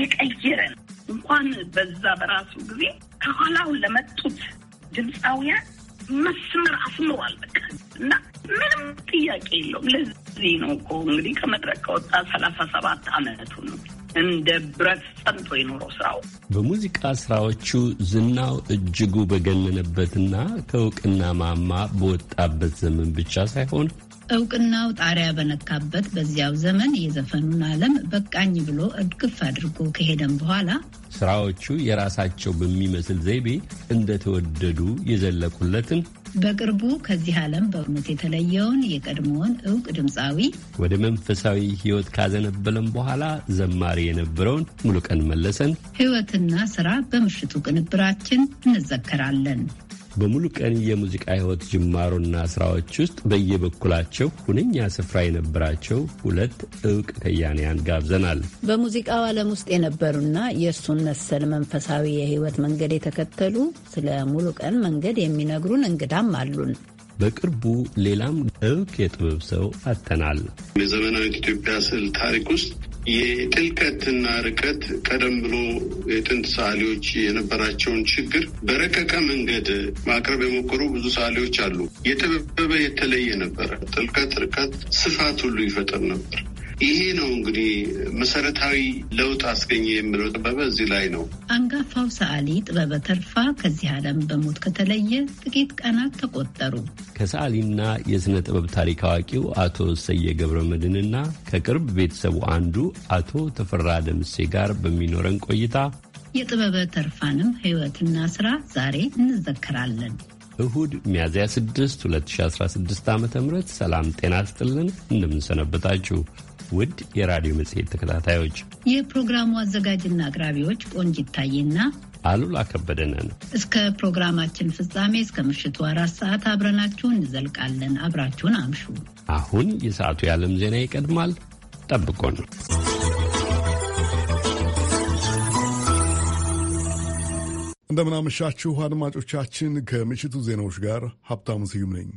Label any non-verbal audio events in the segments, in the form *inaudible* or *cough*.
የቀየረን እንኳን በዛ በራሱ ጊዜ ከኋላው ለመጡት ድምፃውያን መስመር አስምሯል። በቃ እና ምንም ጥያቄ የለውም። ለዚህ ነው እኮ እንግዲህ ከመድረክ ከወጣ ሰላሳ ሰባት አመቱ ነው እንደ ብረት ጸንቶ የኖረው ስራው። በሙዚቃ ስራዎቹ ዝናው እጅጉ በገነነበትና ከእውቅና ማማ በወጣበት ዘመን ብቻ ሳይሆን እውቅናው ጣሪያ በነካበት በዚያው ዘመን የዘፈኑን ዓለም በቃኝ ብሎ እድግፍ አድርጎ ከሄደም በኋላ ስራዎቹ የራሳቸው በሚመስል ዘይቤ እንደተወደዱ የዘለቁለትን በቅርቡ ከዚህ ዓለም በእውነት የተለየውን የቀድሞውን እውቅ ድምፃዊ ወደ መንፈሳዊ ሕይወት ካዘነበለም በኋላ ዘማሪ የነበረውን ሙሉቀን መለሰን ሕይወትና ስራ በምሽቱ ቅንብራችን እንዘከራለን። በሙሉ ቀን የሙዚቃ ህይወት ጅማሮና ስራዎች ውስጥ በየበኩላቸው ሁነኛ ስፍራ የነበራቸው ሁለት እውቅ ከያንያን ጋብዘናል። በሙዚቃው ዓለም ውስጥ የነበሩና የእርሱን መሰል መንፈሳዊ የህይወት መንገድ የተከተሉ ስለ ሙሉ ቀን መንገድ የሚነግሩን እንግዳም አሉን። በቅርቡ ሌላም እውቅ የጥበብ ሰው አተናል። የዘመናዊት ኢትዮጵያ ስዕል ታሪክ ውስጥ የጥልቀትና ርቀት ቀደም ብሎ የጥንት ሰዓሊዎች የነበራቸውን ችግር በረቀቀ መንገድ ማቅረብ የሞከሩ ብዙ ሰዓሊዎች አሉ። የጠበበ የተለየ ነበረ። ጥልቀት፣ ርቀት፣ ስፋት ሁሉ ይፈጠር ነበር። ይሄ ነው እንግዲህ መሰረታዊ ለውጥ አስገኘ የምለው ጥበበ እዚህ ላይ ነው። አንጋፋው ሰዓሊ ጥበበ ተርፋ ከዚህ ዓለም በሞት ከተለየ ጥቂት ቀናት ተቆጠሩ። ከሰዓሊና የሥነ ጥበብ ታሪክ አዋቂው አቶ ሰየ ገብረ መድንና ከቅርብ ቤተሰቡ አንዱ አቶ ተፈራ ደምሴ ጋር በሚኖረን ቆይታ የጥበበ ተርፋንም ሕይወትና ሥራ ዛሬ እንዘከራለን። እሁድ ሚያዝያ 6 2016 ዓ ም ሰላም ጤና ስጥልን። እንደምንሰነበታችሁ ውድ የራዲዮ መጽሔት ተከታታዮች የፕሮግራሙ አዘጋጅና አቅራቢዎች ቆንጅ ይታይና አሉላ ከበደነን እስከ ፕሮግራማችን ፍጻሜ እስከ ምሽቱ አራት ሰዓት አብረናችሁን እንዘልቃለን። አብራችሁን አምሹ። አሁን የሰዓቱ የዓለም ዜና ይቀድማል። ጠብቆን እንደምናመሻችሁ አድማጮቻችን። ከምሽቱ ዜናዎች ጋር ሀብታሙ ስዩም ነኝ።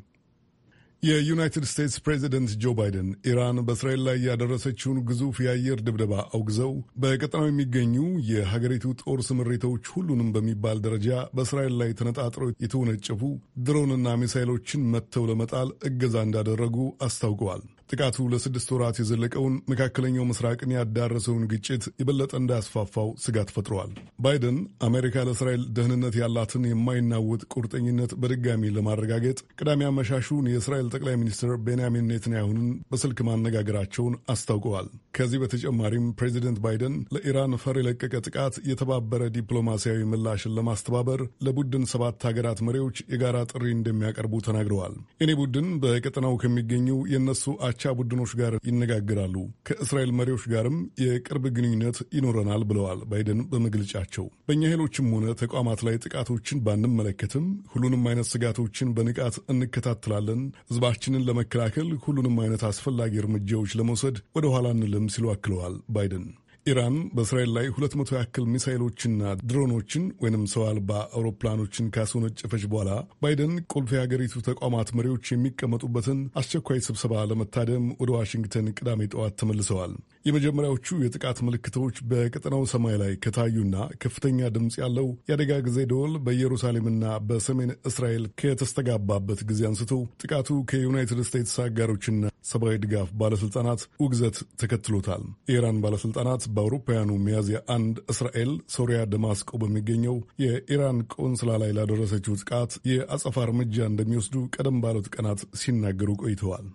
የዩናይትድ ስቴትስ ፕሬዚደንት ጆ ባይደን ኢራን በእስራኤል ላይ ያደረሰችውን ግዙፍ የአየር ድብደባ አውግዘው በቀጠናው የሚገኙ የሀገሪቱ ጦር ስምሪቶች ሁሉንም በሚባል ደረጃ በእስራኤል ላይ ተነጣጥረው የተወነጨፉ ድሮንና ሚሳይሎችን መጥተው ለመጣል እገዛ እንዳደረጉ አስታውቀዋል። ጥቃቱ ለስድስት ወራት የዘለቀውን መካከለኛው ምስራቅን ያዳረሰውን ግጭት የበለጠ እንዳያስፋፋው ስጋት ፈጥረዋል። ባይደን አሜሪካ ለእስራኤል ደህንነት ያላትን የማይናወጥ ቁርጠኝነት በድጋሚ ለማረጋገጥ ቅዳሜ አመሻሹን የእስራኤል ጠቅላይ ሚኒስትር ቤንያሚን ኔትንያሁንን በስልክ ማነጋገራቸውን አስታውቀዋል። ከዚህ በተጨማሪም ፕሬዚደንት ባይደን ለኢራን ፈር የለቀቀ ጥቃት የተባበረ ዲፕሎማሲያዊ ምላሽን ለማስተባበር ለቡድን ሰባት ሀገራት መሪዎች የጋራ ጥሪ እንደሚያቀርቡ ተናግረዋል። እኔ ቡድን በቀጠናው ከሚገኙ የእነሱ ከጥላቻ ቡድኖች ጋር ይነጋግራሉ፣ ከእስራኤል መሪዎች ጋርም የቅርብ ግንኙነት ይኖረናል ብለዋል ባይደን በመግለጫቸው። በእኛ ኃይሎችም ሆነ ተቋማት ላይ ጥቃቶችን ባንመለከትም ሁሉንም አይነት ስጋቶችን በንቃት እንከታተላለን፣ ህዝባችንን ለመከላከል ሁሉንም አይነት አስፈላጊ እርምጃዎች ለመውሰድ ወደኋላ አንልም ሲሉ አክለዋል ባይደን። ኢራን በእስራኤል ላይ ሁለት መቶ ያክል ሚሳይሎችና ድሮኖችን ወይንም ሰው አልባ አውሮፕላኖችን ካስወነጨፈች በኋላ ባይደን ቁልፍ የሀገሪቱ ተቋማት መሪዎች የሚቀመጡበትን አስቸኳይ ስብሰባ ለመታደም ወደ ዋሽንግተን ቅዳሜ ጠዋት ተመልሰዋል። የመጀመሪያዎቹ የጥቃት ምልክቶች በቀጠናው ሰማይ ላይ ከታዩና ከፍተኛ ድምፅ ያለው የአደጋ ጊዜ ደወል በኢየሩሳሌምና በሰሜን እስራኤል ከተስተጋባበት ጊዜ አንስቶ ጥቃቱ ከዩናይትድ ስቴትስ አጋሮችና ሰብአዊ ድጋፍ ባለስልጣናት ውግዘት ተከትሎታል። የኢራን ባለስልጣናት በአውሮፓውያኑ ሚያዝያ አንድ እስራኤል ሶሪያ ደማስቆ በሚገኘው የኢራን ቆንስላ ላይ ላደረሰችው ጥቃት የአጸፋ እርምጃ እንደሚወስዱ ቀደም ባሉት ቀናት ሲናገሩ ቆይተዋል።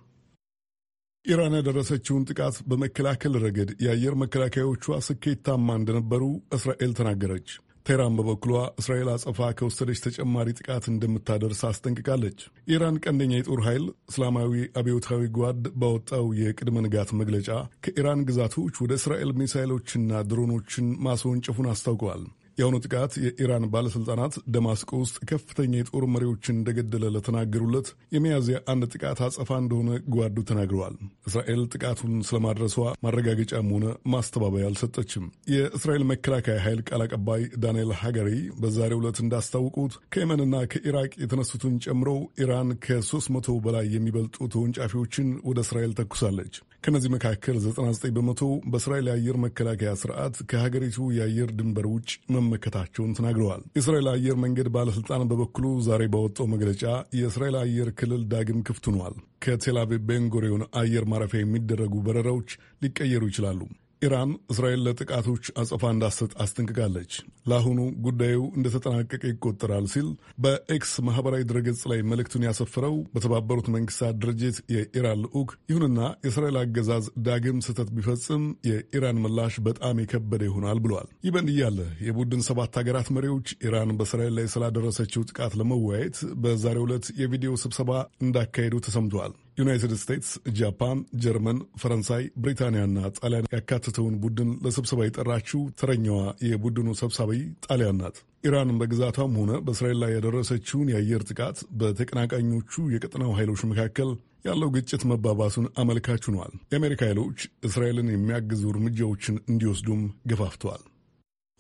ኢራን ያደረሰችውን ጥቃት በመከላከል ረገድ የአየር መከላከያዎቿ ስኬታማ እንደነበሩ እስራኤል ተናገረች። ቴራን በበኩሏ እስራኤል አጸፋ ከወሰደች ተጨማሪ ጥቃት እንደምታደርስ አስጠንቅቃለች። ኢራን ቀንደኛ የጦር ኃይል እስላማዊ አብዮታዊ ጓድ ባወጣው የቅድመ ንጋት መግለጫ ከኢራን ግዛቶች ወደ እስራኤል ሚሳይሎችና ድሮኖችን ማስወንጨፉን አስታውቀዋል። የአሁኑ ጥቃት የኢራን ባለሥልጣናት ደማስቆ ውስጥ ከፍተኛ የጦር መሪዎችን እንደገደለ ለተናገሩለት የሚያዝያ አንድ ጥቃት አጸፋ እንደሆነ ጓዱ ተናግረዋል። እስራኤል ጥቃቱን ስለማድረሷ ማረጋገጫም ሆነ ማስተባበያ አልሰጠችም። የእስራኤል መከላከያ ኃይል ቃል አቀባይ ዳንኤል ሀገሪ በዛሬው ዕለት እንዳስታወቁት ከየመንና ከኢራቅ የተነሱትን ጨምሮ ኢራን ከ መቶ በላይ የሚበልጡ ተወንጫፊዎችን ወደ እስራኤል ተኩሳለች። ከነዚህ መካከል 99 በመቶ በእስራኤል የአየር መከላከያ ስርዓት ከሀገሪቱ የአየር ድንበር ውጭ መመከታቸውን ተናግረዋል። የእስራኤል አየር መንገድ ባለስልጣን በበኩሉ ዛሬ ባወጣው መግለጫ የእስራኤል አየር ክልል ዳግም ክፍት ሆኗል። ከቴል ቤንጎሪዮን አየር ማረፊያ የሚደረጉ በረራዎች ሊቀየሩ ይችላሉ። ኢራን እስራኤል ለጥቃቶች አጸፋ እንዳሰጥ አስጠንቅቃለች። ለአሁኑ ጉዳዩ እንደተጠናቀቀ ይቆጠራል ሲል በኤክስ ማህበራዊ ድረገጽ ላይ መልእክቱን ያሰፈረው በተባበሩት መንግስታት ድርጅት የኢራን ልዑክ። ይሁንና የእስራኤል አገዛዝ ዳግም ስህተት ቢፈጽም የኢራን ምላሽ በጣም የከበደ ይሆናል ብሏል። ይህ በእንዲህ እያለ የቡድን ሰባት ሀገራት መሪዎች ኢራን በእስራኤል ላይ ስላደረሰችው ጥቃት ለመወያየት በዛሬው ዕለት የቪዲዮ ስብሰባ እንዳካሄዱ ተሰምቷል። ዩናይትድ ስቴትስ፣ ጃፓን፣ ጀርመን፣ ፈረንሳይ፣ ብሪታንያና ጣሊያን ያካተተውን ቡድን ለስብሰባ የጠራችው ተረኛዋ የቡድኑ ሰብሳቢ ጣሊያን ናት። ኢራን በግዛቷም ሆነ በእስራኤል ላይ ያደረሰችውን የአየር ጥቃት በተቀናቃኞቹ የቀጠናው ኃይሎች መካከል ያለው ግጭት መባባሱን አመልካች ሆኗል። የአሜሪካ ኃይሎች እስራኤልን የሚያግዙ እርምጃዎችን እንዲወስዱም ገፋፍተዋል።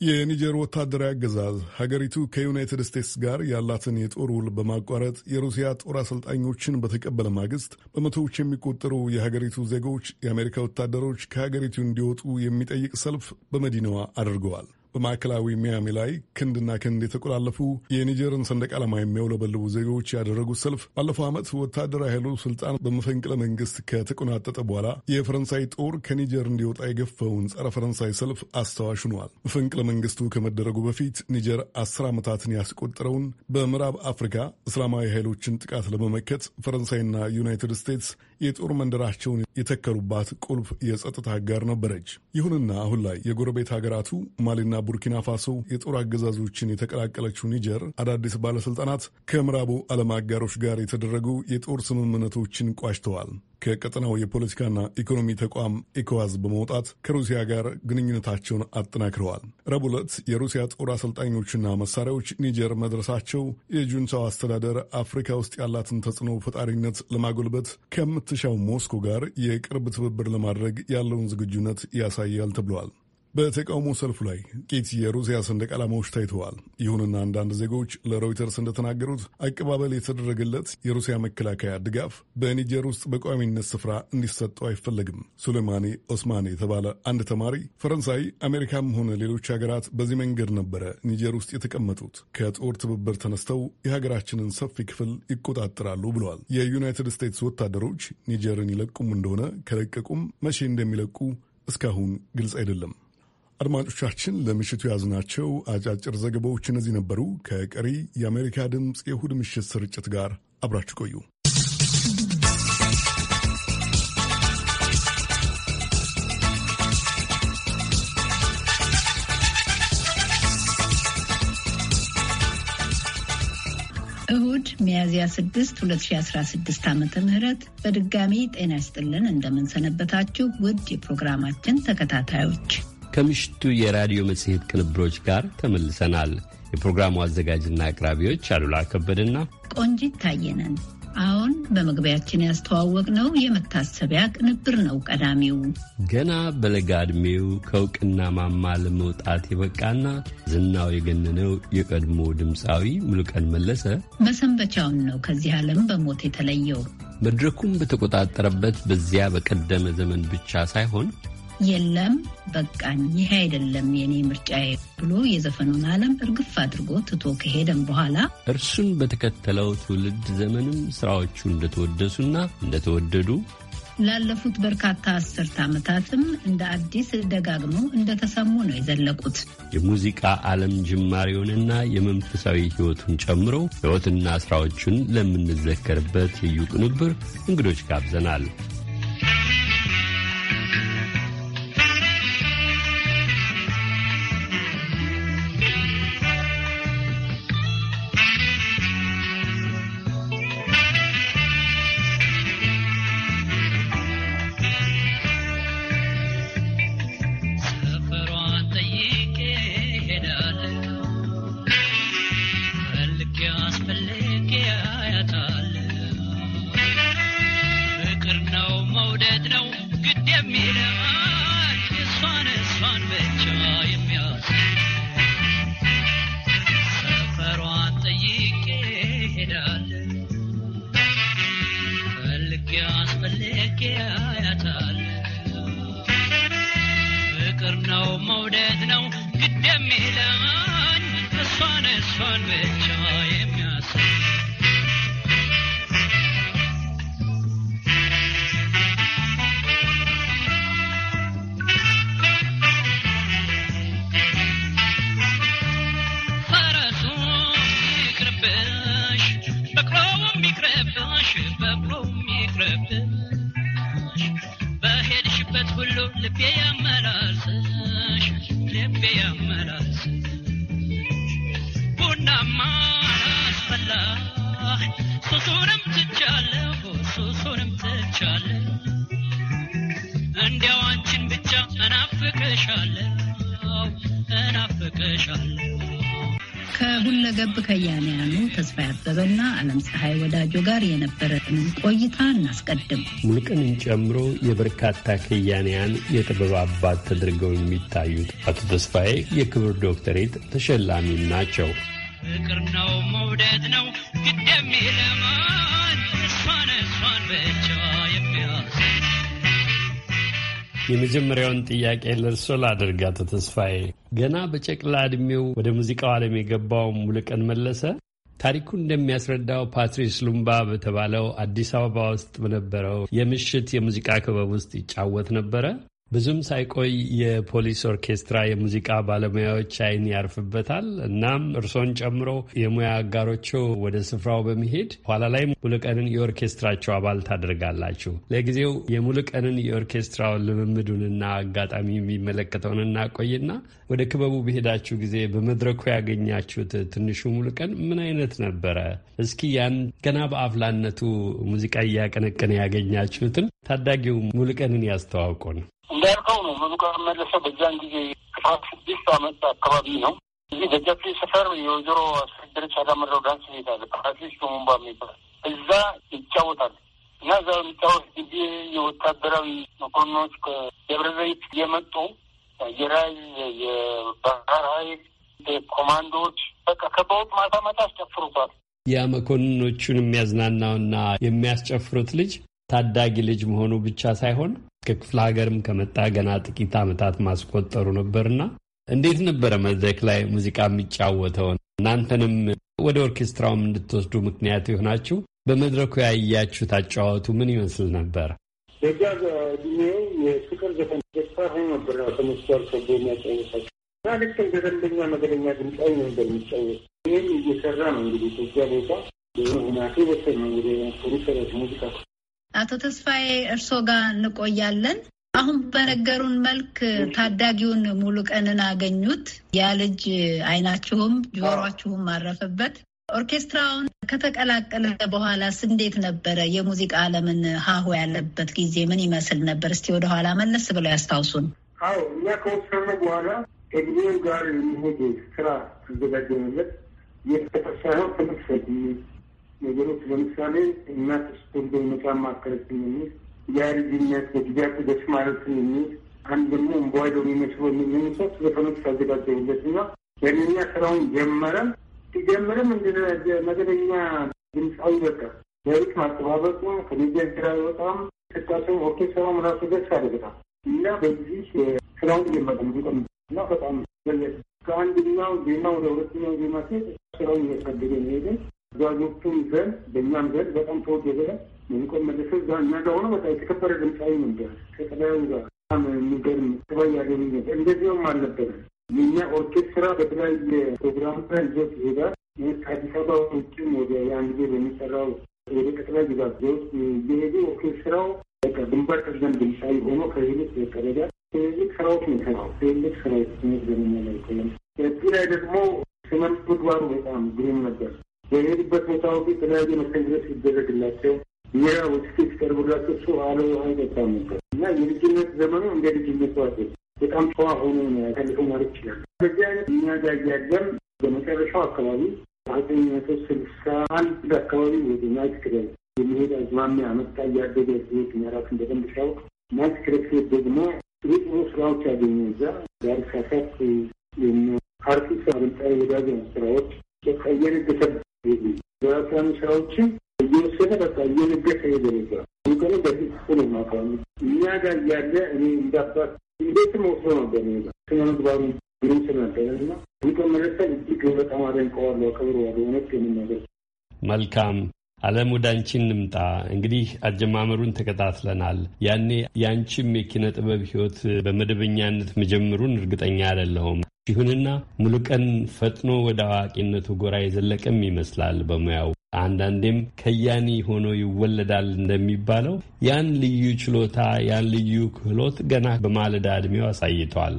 የኒጀር ወታደራዊ አገዛዝ ሀገሪቱ ከዩናይትድ ስቴትስ ጋር ያላትን የጦር ውል በማቋረጥ የሩሲያ ጦር አሰልጣኞችን በተቀበለ ማግስት በመቶዎች የሚቆጠሩ የሀገሪቱ ዜጎች የአሜሪካ ወታደሮች ከሀገሪቱ እንዲወጡ የሚጠይቅ ሰልፍ በመዲናዋ አድርገዋል። በማዕከላዊ ሚያሚ ላይ ክንድና ክንድ የተቆላለፉ የኒጀርን ሰንደቅ ዓላማ የሚያውለበልቡ ዜጎች ያደረጉት ሰልፍ ባለፈው ዓመት ወታደራዊ ኃይሉ ስልጣን በመፈንቅለ መንግስት ከተቆናጠጠ በኋላ የፈረንሳይ ጦር ከኒጀር እንዲወጣ የገፈውን ጸረ ፈረንሳይ ሰልፍ አስተዋሽ ሆኗል። መፈንቅለ መንግስቱ ከመደረጉ በፊት ኒጀር አስር ዓመታትን ያስቆጠረውን በምዕራብ አፍሪካ እስላማዊ ኃይሎችን ጥቃት ለመመከት ፈረንሳይና ዩናይትድ ስቴትስ የጦር መንደራቸውን የተከሉባት ቁልፍ የጸጥታ አጋር ነበረች። ይሁንና አሁን ላይ የጎረቤት ሀገራቱ ማሊና ቡርኪና ፋሶ፣ የጦር አገዛዞችን የተቀላቀለችው ኒጀር አዳዲስ ባለስልጣናት ከምዕራቡ ዓለም አጋሮች ጋር የተደረጉ የጦር ስምምነቶችን ቋጭተዋል። ከቀጠናው የፖለቲካና ኢኮኖሚ ተቋም ኢኮዋዝ በመውጣት ከሩሲያ ጋር ግንኙነታቸውን አጠናክረዋል። ረቡዕ ዕለት የሩሲያ ጦር አሰልጣኞችና መሳሪያዎች ኒጀር መድረሳቸው የጁንታው አስተዳደር አፍሪካ ውስጥ ያላትን ተጽዕኖ ፈጣሪነት ለማጎልበት ከምት ከፍትሻው ሞስኮ ጋር የቅርብ ትብብር ለማድረግ ያለውን ዝግጁነት ያሳያል ተብሏል። በተቃውሞ ሰልፉ ላይ ጥቂት የሩሲያ ሰንደቅ ዓላማዎች ታይተዋል። ይሁንና አንዳንድ ዜጎች ለሮይተርስ እንደተናገሩት አቀባበል የተደረገለት የሩሲያ መከላከያ ድጋፍ በኒጀር ውስጥ በቋሚነት ስፍራ እንዲሰጠው አይፈለግም። ሱሌማኒ ኦስማኒ የተባለ አንድ ተማሪ ፈረንሳይ፣ አሜሪካም ሆነ ሌሎች ሀገራት በዚህ መንገድ ነበረ ኒጀር ውስጥ የተቀመጡት ከጦር ትብብር ተነስተው የሀገራችንን ሰፊ ክፍል ይቆጣጠራሉ ብለዋል። የዩናይትድ ስቴትስ ወታደሮች ኒጀርን ይለቁም እንደሆነ ከለቀቁም መቼ እንደሚለቁ እስካሁን ግልጽ አይደለም። አድማጮቻችን ለምሽቱ የያዝናቸው አጫጭር ዘገባዎች እነዚህ ነበሩ። ከቀሪ የአሜሪካ ድምፅ የእሁድ ምሽት ስርጭት ጋር አብራችሁ ቆዩ። እሁድ ሚያዝያ 6 2016 ዓ ም በድጋሚ ጤና ይስጥልን። እንደምንሰነበታችሁ ውድ የፕሮግራማችን ተከታታዮች ከምሽቱ የራዲዮ መጽሔት ቅንብሮች ጋር ተመልሰናል። የፕሮግራሙ አዘጋጅና አቅራቢዎች አሉላ ከበድና ቆንጂት ታየነን። አሁን በመግቢያችን ያስተዋወቅነው የመታሰቢያ ቅንብር ነው። ቀዳሚው ገና በለጋ ዕድሜው ከእውቅና ማማ ለመውጣት የበቃና ዝናው የገነነው የቀድሞ ድምፃዊ ሙሉቀን መለሰ መሰንበቻውን ነው ከዚህ ዓለም በሞት የተለየው። መድረኩም በተቆጣጠረበት በዚያ በቀደመ ዘመን ብቻ ሳይሆን የለም በቃኝ፣ ይሄ አይደለም የኔ ምርጫዬ ብሎ የዘፈኑን ዓለም እርግፍ አድርጎ ትቶ ከሄደም በኋላ እርሱን በተከተለው ትውልድ ዘመንም ስራዎቹ እንደተወደሱና እንደተወደዱ ላለፉት በርካታ አስርት ዓመታትም እንደ አዲስ ደጋግሞ እንደተሰሙ ነው የዘለቁት። የሙዚቃ ዓለም ጅማሬውንና የመንፈሳዊ ሕይወቱን ጨምሮ ሕይወትና ሥራዎቹን ለምንዘከርበት ልዩ ቅንብር እንግዶች ጋብዘናል። ሱሱንም ትቻለሁ ሱሱንም ትቻለሁ እንዲያው አንቺን ብቻ እናፍቅሻለሁ እናፍቅሻለሁ። ከሁለገብ ከያንያኑ ተስፋ ያበበና ዓለም ፀሐይ ወዳጆ ጋር የነበረን ቆይታ እናስቀድም። ሙልቅንን ጨምሮ የበርካታ ከያንያን የጥበብ አባት ተደርገው የሚታዩት አቶ ተስፋዬ የክብር ዶክተሬት ተሸላሚም ናቸው። ፍቅር ነው መውደድ ነው ግድ እሷን እሷን ብቻ የሚያስ የመጀመሪያውን ጥያቄ ለእርሶ ላደርግ አቶ ተስፋዬ። ገና በጨቅላ ዕድሜው ወደ ሙዚቃው ዓለም የገባው ሙሉቀን መለሰ ታሪኩ እንደሚያስረዳው ፓትሪስ ሉምባ በተባለው አዲስ አበባ ውስጥ በነበረው የምሽት የሙዚቃ ክበብ ውስጥ ይጫወት ነበረ። ብዙም ሳይቆይ የፖሊስ ኦርኬስትራ የሙዚቃ ባለሙያዎች አይን ያርፍበታል። እናም እርሶን ጨምሮ የሙያ አጋሮቹ ወደ ስፍራው በመሄድ ኋላ ላይ ሙሉቀንን የኦርኬስትራቸው አባል ታደርጋላችሁ። ለጊዜው የሙሉቀንን የኦርኬስትራውን ልምምዱንና አጋጣሚ የሚመለከተውን እናቆይና ወደ ክበቡ በሄዳችሁ ጊዜ በመድረኩ ያገኛችሁት ትንሹ ሙሉቀን ምን አይነት ነበረ? እስኪ ያን ገና በአፍላነቱ ሙዚቃ እያቀነቀነ ያገኛችሁትን ታዳጊው ሙሉቀንን ያስተዋውቁን። እንዳልከው ነው። መብቃት መለሰ በዛን ጊዜ ክፋት ስድስት አመት አካባቢ ነው። እዚህ ደጃፌ ሰፈር የወይዘሮ አስደረች አላምረው ዳንስ ቤት አለ ፓራትሊስ ቶሙንባ የሚባል እዛ ይጫወታል እና እዛ የሚጫወት ጊዜ የወታደራዊ መኮንኖች ከደብረ ዘይት የመጡ የራይ የባህር ኃይል ኮማንዶዎች በቃ ከበወቅ ማታ ማታ አስጨፍሩታል። ያ መኮንኖቹን የሚያዝናናውና የሚያስጨፍሩት ልጅ ታዳጊ ልጅ መሆኑ ብቻ ሳይሆን ከክፍለ ሀገርም ከመጣ ገና ጥቂት ዓመታት ማስቆጠሩ ነበርና እንዴት ነበረ መድረክ ላይ ሙዚቃ የሚጫወተውን? እናንተንም ወደ ኦርኬስትራውም እንድትወስዱ ምክንያት የሆናችሁ በመድረኩ ያያችሁት አጫዋወቱ ምን ይመስል ነበር? የፍቅር ዘፈን ነበር ልክ እንደ ደንበኛ መደበኛ ድምፃዊ ነው ይህም እየሰራ ነው እንግዲህ በዛ ቦታ ሁናቴ በሰ እንግዲህ ሙዚቃ አቶ ተስፋዬ እርስዎ ጋር እንቆያለን። አሁን በነገሩን መልክ ታዳጊውን ሙሉ ቀንን አገኙት። ያ ልጅ አይናችሁም ጆሯችሁም አረፈበት። ኦርኬስትራውን ከተቀላቀለ በኋላስ እንዴት ነበረ? የሙዚቃ ዓለምን ሀሁ ያለበት ጊዜ ምን ይመስል ነበር? እስቲ ወደኋላ መለስ ብለው ያስታውሱን። አዎ እኛ ከወሰነ በኋላ ከጊዜው ጋር የሚሄድ ስራ ተዘጋጀንለት። የተፈሳነው ተመሰግኝ ነገሮች ለምሳሌ እናት ስቶንዶ መጫ ማከለችን የሚል የአርጅነት ልጅነት በጊዜያቱ ደስ ማለትን የሚል አንድ ደግሞ እንቧይዶ የሚመስሎ የሚመሳት ዘፈኖች አዘጋጀሁለት እና ለእነኛ ስራውን ጀመረም ሲጀምርም እንደ መደበኛ ድምፃዊ በቃ ለሪት ማጠባበቁ ከሚዲያ ስራ በጣም ስቃቸው ኦርኬስትራውም ራሱ ደስ አደግታል እና በዚህ ስራውን ጀመረ ሙዚቃ እና በጣም ከአንድኛው ዜማ ወደ ሁለተኛው ዜማ ሴት ስራውን እያሳደገ መሄድን ጓዦቹም ዘንድ በእኛም ዘንድ በጣም ተወደደ። ሙዚቃውን መለሰ እዛ እኛ ጋር ሆኖ በጣም የተከበረ ድምፃዊ ነበር። ከተለያዩ ጋር የሚገርም ጥባይ ያገኝ ነበር። እንደዚያውም አልነበረም። የእኛ ኦርኬስትራ በተለያየ ፕሮግራም ላይ ይዞት ይሄዳል። ከአዲስ አበባ ውጭም ወደ የአንድ ጊዜ በሚሰራው ወደ ቀጥላ ግዛት ውስጥ እየሄዱ ኦርኬስትራው በቃ ግንባር ቀደም ድምፃዊ ሆኖ ከሌሎች በቀበዳ ትልልቅ ስራዎች ነው ሰራው ትልልቅ ስራዎች ስሜት ዘመኛ ላይ ደግሞ ስነ ምግባሩ በጣም ግሩም ነበር። የሚሄዱበት ቦታ ውቅ የተለያየ ሲደረግላቸው ያ ውስኬት ቀርቦላቸው እሱ አለ ውሃ ይጠጣም ነበር እና የልጅነት ዘመኑ እንደ ልጅነት ዋሴ በጣም ጨዋ ሆኖ ያሳልፈው ማለት ይችላል። በዚህ አይነት እኛ ጋር እያለም በመጨረሻው አካባቢ ዘጠኝ መቶ ስልሳ አንድ አካባቢ ወደ ናይት የሚሄድ አዝማሚያ መጣ። እያደገ ሲሄድ ምዕራቱን በደንብ ሲያውቅ ናይት ሲሄድ ደግሞ ጥሩ ስራዎች ያገኘ እዛ ዳር ሳሳት አርቲስት አብልጣ የዳዘ ስራዎች ቀየር ገሰብ በፈምሳዎችን እየወሰደ በቃ እየነገሰ ሄደ ነበር። በፊት እኛ ጋር እያለ እኔ እንዳባት ነበር እና እጅግ በጣም አደንቀዋለሁ፣ አከብረዋለሁ። እውነት የምናገር መልካም አለም ወደ አንቺ እንምጣ። እንግዲህ አጀማመሩን ተከታትለናል። ያኔ የአንቺም የኪነ ጥበብ ህይወት በመደበኛነት መጀመሩን እርግጠኛ አይደለሁም። ይሁንና ሙሉቀን ፈጥኖ ወደ አዋቂነቱ ጎራ የዘለቀም ይመስላል በሙያው አንዳንዴም ከያኒ ሆኖ ይወለዳል እንደሚባለው ያን ልዩ ችሎታ ያን ልዩ ክህሎት ገና በማለዳ ዕድሜው አሳይቷል።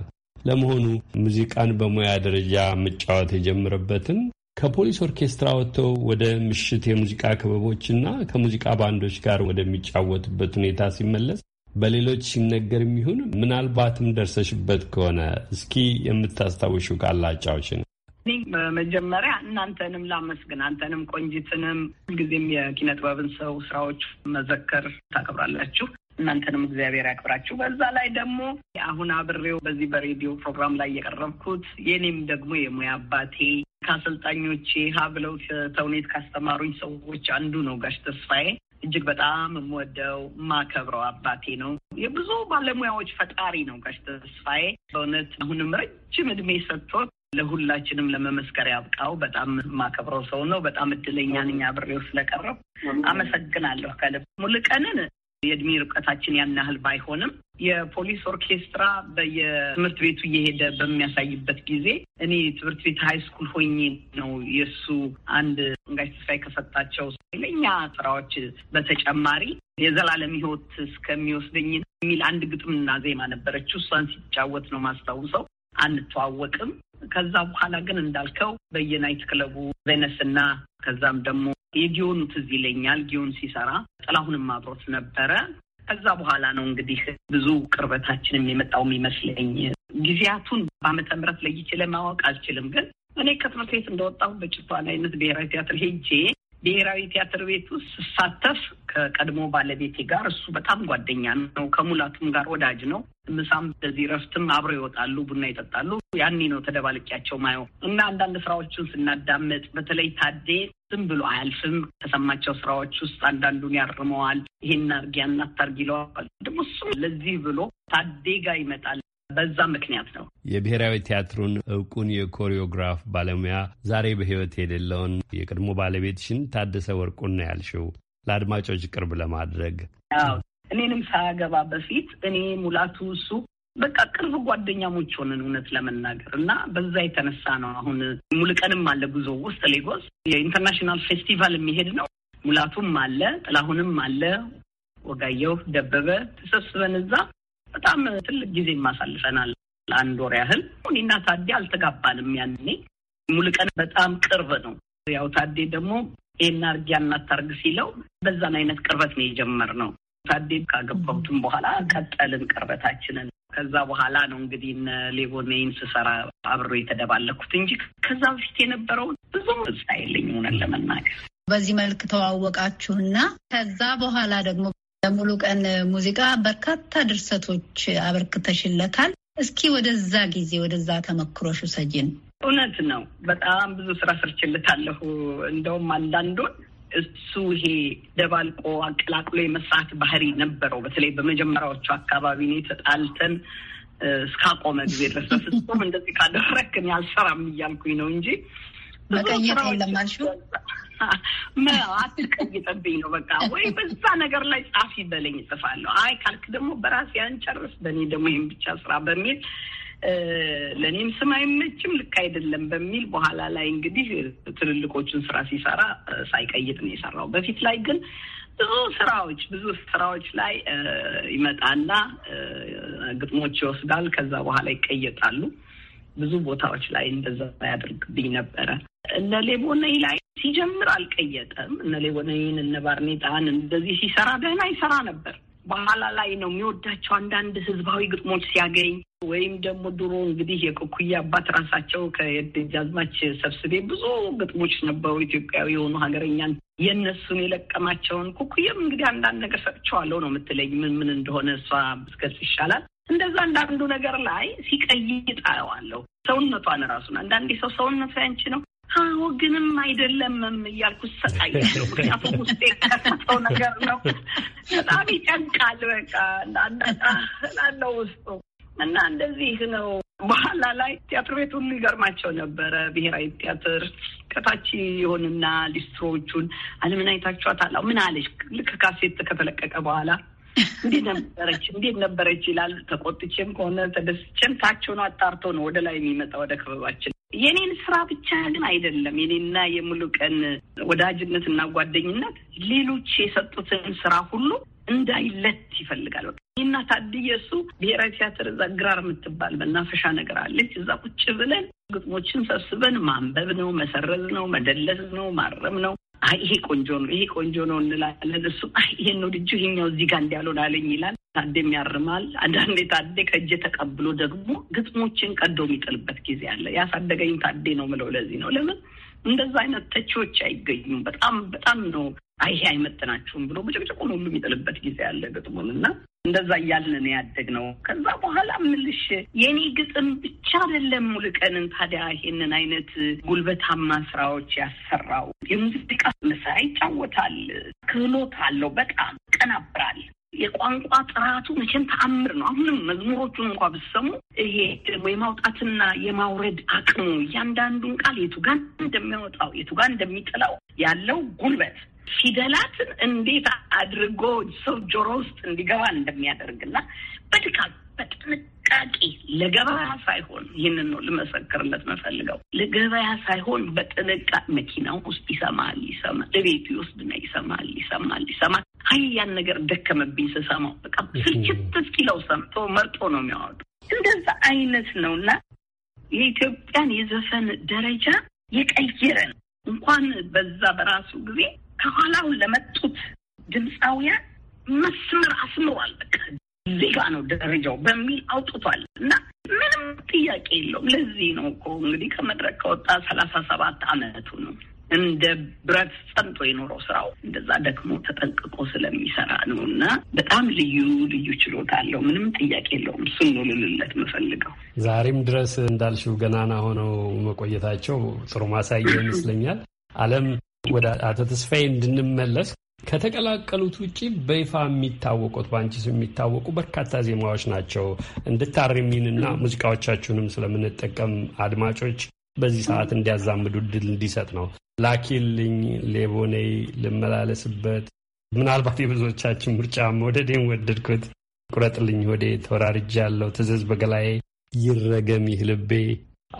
ለመሆኑ ሙዚቃን በሙያ ደረጃ መጫወት የጀመረበትን ከፖሊስ ኦርኬስትራ ወጥተው ወደ ምሽት የሙዚቃ ክበቦችና ከሙዚቃ ባንዶች ጋር ወደሚጫወትበት ሁኔታ ሲመለስ በሌሎች ሲነገር የሚሆን ምናልባትም ደርሰሽበት ከሆነ እስኪ የምታስታውሹ ካለ አጫውሽን። መጀመሪያ እናንተንም ላመስግን፣ አንተንም ቆንጂትንም ሁልጊዜም የኪነጥበብን ሰው ስራዎች መዘከር ታከብራላችሁ። እናንተንም እግዚአብሔር ያክብራችሁ። በዛ ላይ ደግሞ አሁን አብሬው በዚህ በሬዲዮ ፕሮግራም ላይ የቀረብኩት የኔም ደግሞ የሙያ አባቴ ከአሰልጣኞቼ ሀብለው ተውኔት ካስተማሩኝ ሰዎች አንዱ ነው ጋሽ ተስፋዬ። እጅግ በጣም የምወደው ማከብረው አባቴ ነው። የብዙ ባለሙያዎች ፈጣሪ ነው ጋሽ ተስፋዬ። በእውነት አሁንም ረጅም እድሜ ሰጥቶት ለሁላችንም ለመመስከር ያብቃው። በጣም ማከብረው ሰው ነው። በጣም እድለኛ ነኝ አብሬው ስለቀረብ አመሰግናለሁ ከልብ ሙልቀንን የእድሜ ርቀታችን ያን ያህል ባይሆንም የፖሊስ ኦርኬስትራ በየትምህርት ቤቱ እየሄደ በሚያሳይበት ጊዜ እኔ ትምህርት ቤት ሀይ ስኩል ሆኜ ነው የእሱ አንድ እንጋሽ ተስፋዬ ከሰጣቸው ለእኛ ስራዎች በተጨማሪ የዘላለም ህይወት እስከሚወስደኝ የሚል አንድ ግጥምና ዜማ ነበረች። እሷን ሲጫወት ነው ማስታውሰው። አንተዋወቅም። ከዛ በኋላ ግን እንዳልከው በየናይት ክለቡ ቬነስ እና ከዛም ደግሞ የጊዮን ትዝ ይለኛል። ጊዮን ሲሰራ ጥላሁንም አብሮት ነበረ። ከዛ በኋላ ነው እንግዲህ ብዙ ቅርበታችንም የመጣው የሚመስለኝ። ጊዜያቱን በዓመተ ምሕረት ለይቼ ለማወቅ አልችልም፣ ግን እኔ ከትምህርት ቤት እንደወጣሁ በጭቷን አይነት ብሔራዊ ቲያትር ሄጄ ብሔራዊ ቲያትር ቤት ውስጥ ስሳተፍ ከቀድሞ ባለቤቴ ጋር እሱ በጣም ጓደኛ ነው፣ ከሙላቱም ጋር ወዳጅ ነው። ምሳም በዚህ ረፍትም አብረው ይወጣሉ፣ ቡና ይጠጣሉ። ያኔ ነው ተደባልቂያቸው ማየው እና አንዳንድ ስራዎችን ስናዳመጥ በተለይ ታዴ ዝም ብሎ አያልፍም። ከሰማቸው ስራዎች ውስጥ አንዳንዱን ያርመዋል። ይህን አርጊ ያን አታርጊ ይለዋል። ደግሞ እሱም ለዚህ ብሎ ታዴ ጋ ይመጣል። በዛ ምክንያት ነው የብሔራዊ ቲያትሩን እውቁን የኮሪዮግራፍ ባለሙያ ዛሬ በህይወት የሌለውን የቀድሞ ባለቤትሽን ታደሰ ወርቁን ነው ያልሽው ለአድማጮች ቅርብ ለማድረግ እኔንም ሳያገባ በፊት እኔ ሙላቱ እሱ በቃ ቅርብ ጓደኛሞች ሆነን እውነት ለመናገር እና በዛ የተነሳ ነው አሁን ሙልቀንም አለ ጉዞ ውስጥ ሌጎስ የኢንተርናሽናል ፌስቲቫል የሚሄድ ነው። ሙላቱም አለ፣ ጥላሁንም አለ፣ ወጋየሁ ደበበ ተሰብስበን እዛ በጣም ትልቅ ጊዜ ማሳልፈናል። ለአንድ ወር ያህል እኔና ታዴ አልተጋባንም። ያኔ ሙልቀን በጣም ቅርብ ነው። ያው ታዴ ደግሞ ይህና እርጊያ እናታርግ ሲለው በዛን አይነት ቅርበት ነው የጀመርነው። ታዴ ካገባሁትም በኋላ ቀጠልን ቅርበታችንን ከዛ በኋላ ነው እንግዲህ እነ ሌቦኔይን ስሰራ አብሮ የተደባለኩት እንጂ ከዛ በፊት የነበረው ብዙም እዛ የለኝ ሆነን ለመናገር በዚህ መልክ ተዋወቃችሁና ከዛ በኋላ ደግሞ ለሙሉ ቀን ሙዚቃ በርካታ ድርሰቶች አበርክተሽለታል። እስኪ ወደዛ ጊዜ ወደዛ ተመክሮሽ ሰጅን። እውነት ነው። በጣም ብዙ ስራ ስርችልታለሁ። እንደውም አንዳንዱን እሱ ይሄ ደባልቆ አቀላቅሎ የመስራት ባህሪ ነበረው። በተለይ በመጀመሪያዎቹ አካባቢ እኔ ተጣልተን እስካቆመ ጊዜ ድረስ በፍጹም እንደዚህ ካደረክን ያልሰራም እያልኩኝ ነው እንጂ *laughs* አትቀይጠብኝ ነው በቃ። ወይ በዛ ነገር ላይ ጻፊ በለኝ እጽፋለሁ። አይ ካልክ ደግሞ በራሴ አንጨርስ በእኔ ደግሞ ይህን ብቻ ስራ በሚል ለእኔም ስም አይመችም፣ ልክ አይደለም በሚል በኋላ ላይ እንግዲህ ትልልቆችን ስራ ሲሰራ ሳይቀይጥ ነው የሰራው። በፊት ላይ ግን ብዙ ስራዎች ብዙ ስራዎች ላይ ይመጣና ግጥሞች ይወስዳል። ከዛ በኋላ ይቀየጣሉ። ብዙ ቦታዎች ላይ እንደዛ ያደርግብኝ ነበረ። እነ ሌቦነይ ላይ ሲጀምር አልቀየጠም። እነ ሌቦነይን እነ ባርኔጣን እንደዚህ ሲሰራ ደህና ይሰራ ነበር። በኋላ ላይ ነው የሚወዳቸው አንዳንድ ህዝባዊ ግጥሞች ሲያገኝ ወይም ደግሞ ድሮ እንግዲህ የኩኩያ አባት ራሳቸው ከደጃዝማች ሰብስቤ ብዙ ግጥሞች ነበሩ፣ ኢትዮጵያዊ የሆኑ ሀገረኛን የእነሱን የለቀማቸውን። ኩኩዬም እንግዲህ አንዳንድ ነገር ሰጥቼዋለሁ ነው የምትለኝ፣ ምን ምን እንደሆነ እሷ ብትገልጽ ይሻላል። እንደዛ አንዳንዱ ነገር ላይ ሲቀይጥ አየዋለሁ። ሰውነቷን ራሱን አንዳንዴ ሰው ሰውነቱ ያንቺ ነው አዎ ግንም አይደለምም እያልኩ እሰቃያለሁ። ምክንያቱም ውስጤ ከተፈጠው ነገር ነው። በጣም ይጨንቃል። በቃ ላለው ውስጡ እና እንደዚህ ነው። በኋላ ላይ ቲያትር ቤቱን ሊገርማቸው ነበረ። ብሔራዊ ቲያትር ከታች የሆንና ሊስትሮዎቹን አለምን አይታችኋታል? ምን አለች? ልክ ካሴት ከተለቀቀ በኋላ እንዴት ነበረች እንዴት ነበረች ይላል። ተቆጥቼም ከሆነ ተደስቼም ታቸውን አጣርቶ ነው ወደ ላይ የሚመጣ ወደ ክበባችን የኔን ስራ ብቻ ግን አይደለም። የኔና ወዳጅነት ወዳጅነትና ጓደኝነት ሌሎች የሰጡትን ስራ ሁሉ እንዳይለት ይፈልጋል። ይህና ታድዬ እሱ ብሔራዊ ቲያትር እዛ ግራር የምትባል መናፈሻ ነገር አለች። እዛ ቁጭ ብለን ግጥሞችን ሰብስበን ማንበብ ነው፣ መሰረዝ ነው፣ መደለስ ነው፣ ማረም ነው፣ አይ ይሄ ቆንጆ ነው፣ ይሄ ቆንጆ ነው እንላለን። እሱ ይሄን ነው ልጁ ይሄኛው እዚህ ጋር እንዲያልሆን አለኝ ይላል። ታዴም ያርማል። አንዳንዴ ታዴ ከእጄ ተቀብሎ ደግሞ ግጥሞችን ቀዶ የሚጥልበት ጊዜ አለ። ያሳደገኝ ታዴ ነው ምለው ለዚህ ነው። ለምን እንደዛ አይነት ተቺዎች አይገኙም። በጣም በጣም ነው አይሄ አይመጥናችሁም ብሎ መጨቅጨቁን ሁሉ የሚጥልበት ጊዜ አለ ግጥሙን እና እንደዛ እያልን ያደግ ነው። ከዛ በኋላ ምልሽ የኔ ግጥም ብቻ አይደለም ሙልቀንን ታዲያ ይሄንን አይነት ጉልበታማ ስራዎች ያሰራው የሙዚቃ መሳሪያ ይጫወታል። ክህሎት አለው። በጣም ቀናብራል። የቋንቋ ጥራቱ መቼም ተአምር ነው። አሁንም መዝሙሮቹን እንኳ ብሰሙ ይሄ ደግሞ የማውጣትና የማውረድ አቅሙ እያንዳንዱን ቃል የቱጋን እንደሚያወጣው የቱጋን እንደሚጥለው ያለው ጉልበት ፊደላትን እንዴት አድርጎ ሰው ጆሮ ውስጥ እንዲገባ እንደሚያደርግና በድካም በጥንቃቄ ለገበያ ሳይሆን ይህንን ነው ልመሰክርለት መፈልገው። ለገበያ ሳይሆን በጥንቃ መኪናው ውስጥ ይሰማል ይሰማል፣ ለቤቱ ይወስድና ይሰማል ይሰማል ይሰማል። አይ ያን ነገር ደከመብኝ ስሰማው በቃ ስልችት እስኪለው ሰምቶ መርጦ ነው የሚያወጡ። እንደዛ አይነት ነው እና የኢትዮጵያን የዘፈን ደረጃ የቀየረ ነው። እንኳን በዛ በራሱ ጊዜ ከኋላው ለመጡት ድምፃውያን መስመር አስምሯል። እዚህ ጋ ነው ደረጃው በሚል አውጥቷል እና ምንም ጥያቄ የለውም። ለዚህ ነው እኮ እንግዲህ ከመድረክ ከወጣ ሰላሳ ሰባት አመቱ ነው። እንደ ብረት ጸንቶ የኖረው ስራው እንደዛ ደክሞ ተጠንቅቆ ስለሚሰራ ነው እና በጣም ልዩ ልዩ ችሎታ አለው። ምንም ጥያቄ የለውም። እሱን ነው ልልለት የምፈልገው። ዛሬም ድረስ እንዳልሽው ገናና ሆነው መቆየታቸው ጥሩ ማሳያ ይመስለኛል። አለም። ወደ አቶ ተስፋዬ እንድንመለስ ከተቀላቀሉት ውጭ በይፋ የሚታወቁት በአንቺ ስም የሚታወቁ በርካታ ዜማዎች ናቸው። እንድታርሚንና ሙዚቃዎቻችሁንም ስለምንጠቀም አድማጮች በዚህ ሰዓት እንዲያዛምዱ ድል እንዲሰጥ ነው። ላኪልኝ፣ ሌቦኔ፣ ልመላለስበት፣ ምናልባት የብዙዎቻችን ምርጫ መውደዴን ወደድኩት፣ ቁረጥልኝ ወዴ፣ ተወራርጅ ያለው ትዘዝ በገላዬ፣ ይረገም ይህ ልቤ፣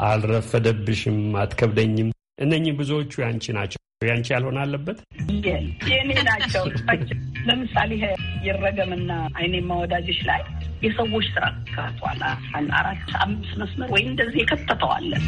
አልረፈደብሽም፣ አትከብደኝም እነኚህ ብዙዎቹ ያንቺ ናቸው። ያንቺ ያልሆነ አለበት የኔ ናቸው። ለምሳሌ ይረገምና አይኔማ ወዳጆች ላይ የሰዎች ስራ ካቷል አራት አምስት መስመር ወይም እንደዚህ የከተተዋለን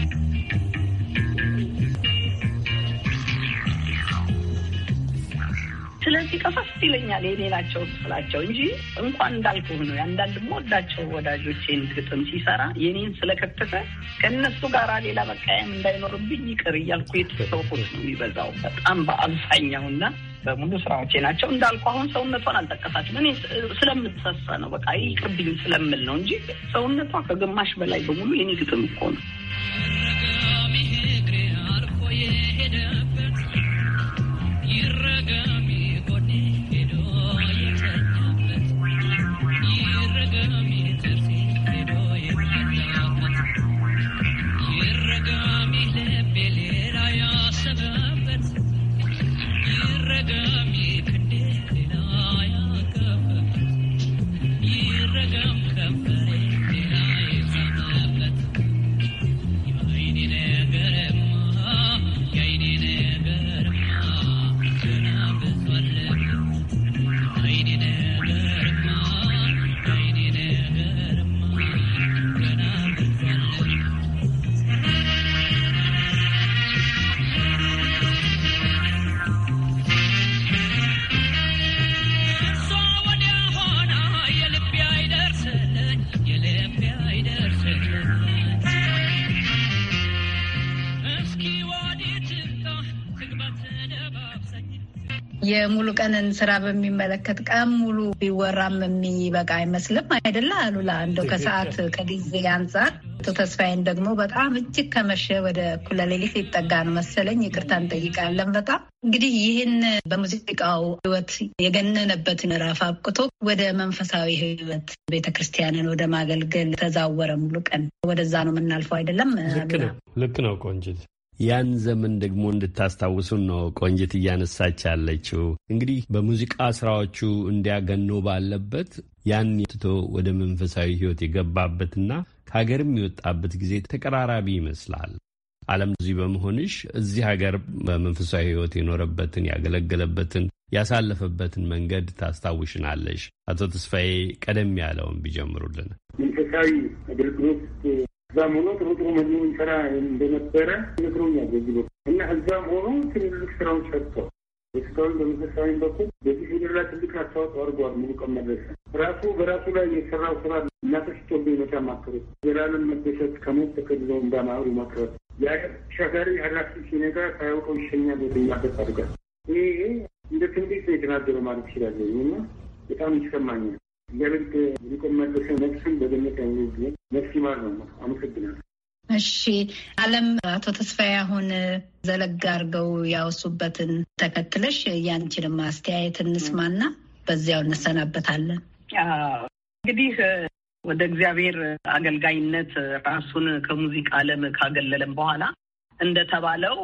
ስለዚህ ቀፈስ ይለኛል የኔ ናቸው ስላቸው እንጂ እንኳን እንዳልኩ ነው። አንዳንድ ወዳቸው ወዳጆቼን ግጥም ሲሰራ የኔን ስለከተተ ከእነሱ ጋር ሌላ መቃየም እንዳይኖርብኝ ይቅር እያልኩ የተሰውኩት ነው የሚበዛው በጣም በአብዛኛው እና በሙሉ ስራዎቼ ናቸው እንዳልኩ። አሁን ሰውነቷን አልጠቀሳትም እኔ ስለምትሰሳ ነው በቃ ይቅብኝ ስለምል ነው እንጂ ሰውነቷ ከግማሽ በላይ በሙሉ የኔ ግጥም እኮ ነው። ቀንን ስራ በሚመለከት ቀን ሙሉ ቢወራም የሚበቃ አይመስልም አይደለ አሉላ? እንደው ከሰዓት ከጊዜ አንጻር ተስፋዬን ደግሞ በጣም እጅግ ከመሸ ወደ እኩለ ሌሊት ነው መሰለኝ። ይቅርታ እንጠይቃለን። በጣም እንግዲህ ይህን በሙዚቃው ህይወት የገነነበት ምዕራፍ አብቅቶ ወደ መንፈሳዊ ህይወት ቤተክርስቲያንን ወደ ማገልገል ተዛወረ። ሙሉ ቀን ወደዛ ነው የምናልፈው አይደለም? ልክ ነው ቆንጅት ያን ዘመን ደግሞ እንድታስታውሱን ነው ቆንጅት እያነሳች ያለችው። እንግዲህ በሙዚቃ ስራዎቹ እንዲያገኖ ባለበት ያን ትቶ ወደ መንፈሳዊ ህይወት የገባበትና ከሀገርም የወጣበት ጊዜ ተቀራራቢ ይመስላል። ዓለም እዚህ በመሆንሽ እዚህ ሀገር በመንፈሳዊ ህይወት የኖረበትን ያገለገለበትን ያሳለፈበትን መንገድ ታስታውሽናለሽ። አቶ ተስፋዬ ቀደም ያለውን ቢጀምሩልን። መንፈሳዊ አገልግሎት እዛም ሆኖ ጥሩ ጥሩ መዝሙን ስራ እንደነበረ ይነግረውኛል። በዚህ በኩል እና እዛም ሆኖ ትልልቅ ስራውን ሰጥቷል። እስካሁን በመንፈሳዊ በኩል በዚህ ፊልም ትልቅ አስተዋጽኦ አድርጓል። ሙሉ ቀን መድረስ ራሱ በራሱ ላይ የሰራው ስራ እናተስቶብ መጫ ማክሩ ዘላለም መደሰት ከሞት ተከልለው እንዳማሩ ማክረት ሸጋሪ ሀላፊ ሲነጋ ሳያውቀው ይሸኛል ወደኛበት አድርጋል። ይሄ እንደ ትንቢት የተናገረ ማለት ይችላለ እና በጣም ይሰማኛል። ለልብ ሊቆም መለሰ በገነት ያውኑ ብለን ነፍስ ይማር ነው። አመሰግናለሁ። እሺ አለም፣ አቶ ተስፋዬ አሁን ዘለግ አድርገው ያወሱበትን ተከትለሽ ያንቺንም አስተያየት እንስማና በዚያው እንሰናበታለን። እንግዲህ ወደ እግዚአብሔር አገልጋይነት ራሱን ከሙዚቃ ዓለም ካገለለም በኋላ እንደተባለው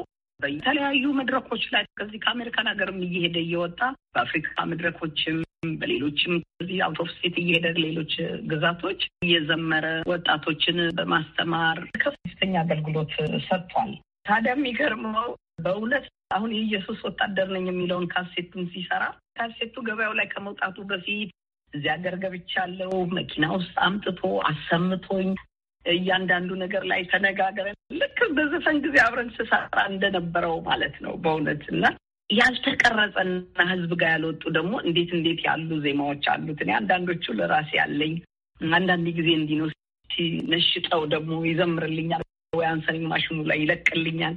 በተለያዩ መድረኮች ላይ ከዚህ ከአሜሪካን ሀገርም እየሄደ እየወጣ በአፍሪካ መድረኮችም በሌሎችም ከዚህ አውት ኦፍ ስቴት እየሄደ ሌሎች ግዛቶች እየዘመረ ወጣቶችን በማስተማር ከፍተኛ አገልግሎት ሰጥቷል። ታዲያ የሚገርመው በእውነት አሁን የኢየሱስ ወታደር ነኝ የሚለውን ካሴቱን ሲሰራ ካሴቱ ገበያው ላይ ከመውጣቱ በፊት እዚህ ሀገር ገብቻለሁ መኪና ውስጥ አምጥቶ አሰምቶኝ እያንዳንዱ ነገር ላይ ተነጋግረን ልክ በዘፈን ጊዜ አብረን ስሰራ እንደነበረው ማለት ነው በእውነት እና ያልተቀረጸና ህዝብ ጋር ያልወጡ ደግሞ እንዴት እንዴት ያሉ ዜማዎች አሉት። እኔ አንዳንዶቹ ለራሴ ያለኝ አንዳንድ ጊዜ እንዲህ ነሽጠው ደግሞ ይዘምርልኛል ወይ አንሰኒ ማሽኑ ላይ ይለቅልኛል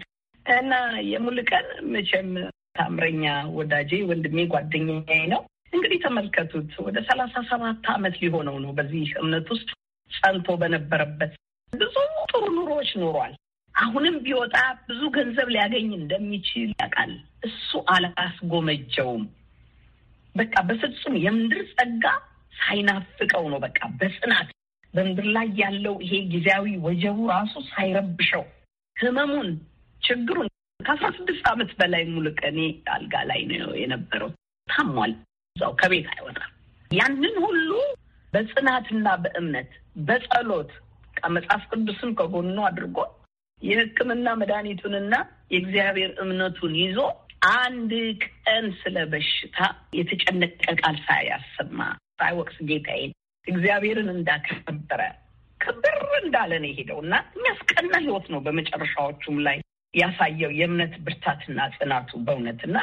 እና የሙልቀን መቼም ታምረኛ ወዳጄ ወንድሜ ጓደኛዬ ነው። እንግዲህ ተመልከቱት ወደ ሰላሳ ሰባት አመት ሊሆነው ነው በዚህ እምነት ውስጥ ጸንቶ በነበረበት ብዙ ጥሩ ኑሮዎች ኖሯል። አሁንም ቢወጣ ብዙ ገንዘብ ሊያገኝ እንደሚችል ያውቃል። እሱ አላስጎመጀውም። በቃ በፍጹም የምድር ጸጋ ሳይናፍቀው ነው። በቃ በጽናት በምድር ላይ ያለው ይሄ ጊዜያዊ ወጀቡ ራሱ ሳይረብሸው ህመሙን፣ ችግሩን ከአስራ ስድስት ዓመት በላይ ሙሉ ቀኔ አልጋ ላይ ነው የነበረው። ታሟል። እዛው ከቤት አይወጣም። ያንን ሁሉ በጽናትና በእምነት በጸሎት ከመጽሐፍ ቅዱስም ከጎኑ አድርጎ የሕክምና መድኃኒቱንና የእግዚአብሔር እምነቱን ይዞ አንድ ቀን ስለ በሽታ የተጨነቀ ቃል ሳያሰማ ሳይወቅስ ጌታዬን እግዚአብሔርን እንዳከበረ ክብር እንዳለ ነው የሄደው እና የሚያስቀና ህይወት ነው። በመጨረሻዎቹም ላይ ያሳየው የእምነት ብርታትና ጽናቱ በእውነትና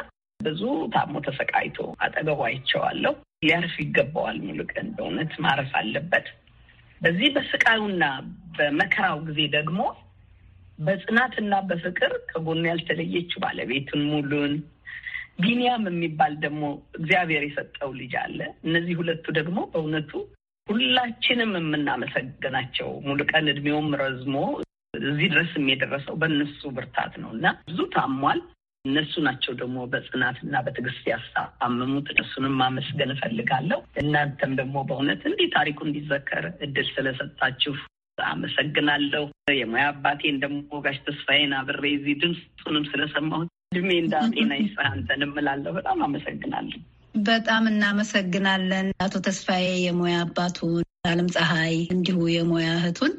ብዙ ታሞ ተሰቃይቶ አጠገቡ አይቼዋለሁ። ሊያርፍ ይገባዋል። ሙሉ ቀን በእውነት ማረፍ አለበት። በዚህ በስቃዩና በመከራው ጊዜ ደግሞ በጽናትና በፍቅር ከጎኑ ያልተለየችው ባለቤትን ሙሉን፣ ቢንያም የሚባል ደግሞ እግዚአብሔር የሰጠው ልጅ አለ። እነዚህ ሁለቱ ደግሞ በእውነቱ ሁላችንም የምናመሰግናቸው ሙሉቀን እድሜውም ረዝሞ እዚህ ድረስ የደረሰው በእነሱ ብርታት ነው እና ብዙ ታሟል። እነሱ ናቸው ደግሞ በጽናትና በትዕግስት ያሳመሙት። እነሱንም ማመስገን እፈልጋለሁ። እናንተም ደግሞ በእውነት እንዲህ ታሪኩ እንዲዘከር እድል ስለሰጣችሁ አመሰግናለሁ። የሙያ አባቴን ደግሞ ጋሽ ተስፋዬን አብሬ እዚህ ድምፁንም ስለሰማሁት እድሜ እንዳ ጤና ይስ አንተን እምላለሁ። በጣም አመሰግናለሁ። በጣም እናመሰግናለን አቶ ተስፋዬ የሙያ አባቱን አለም ፀሐይ እንዲሁ የሙያ እህቱን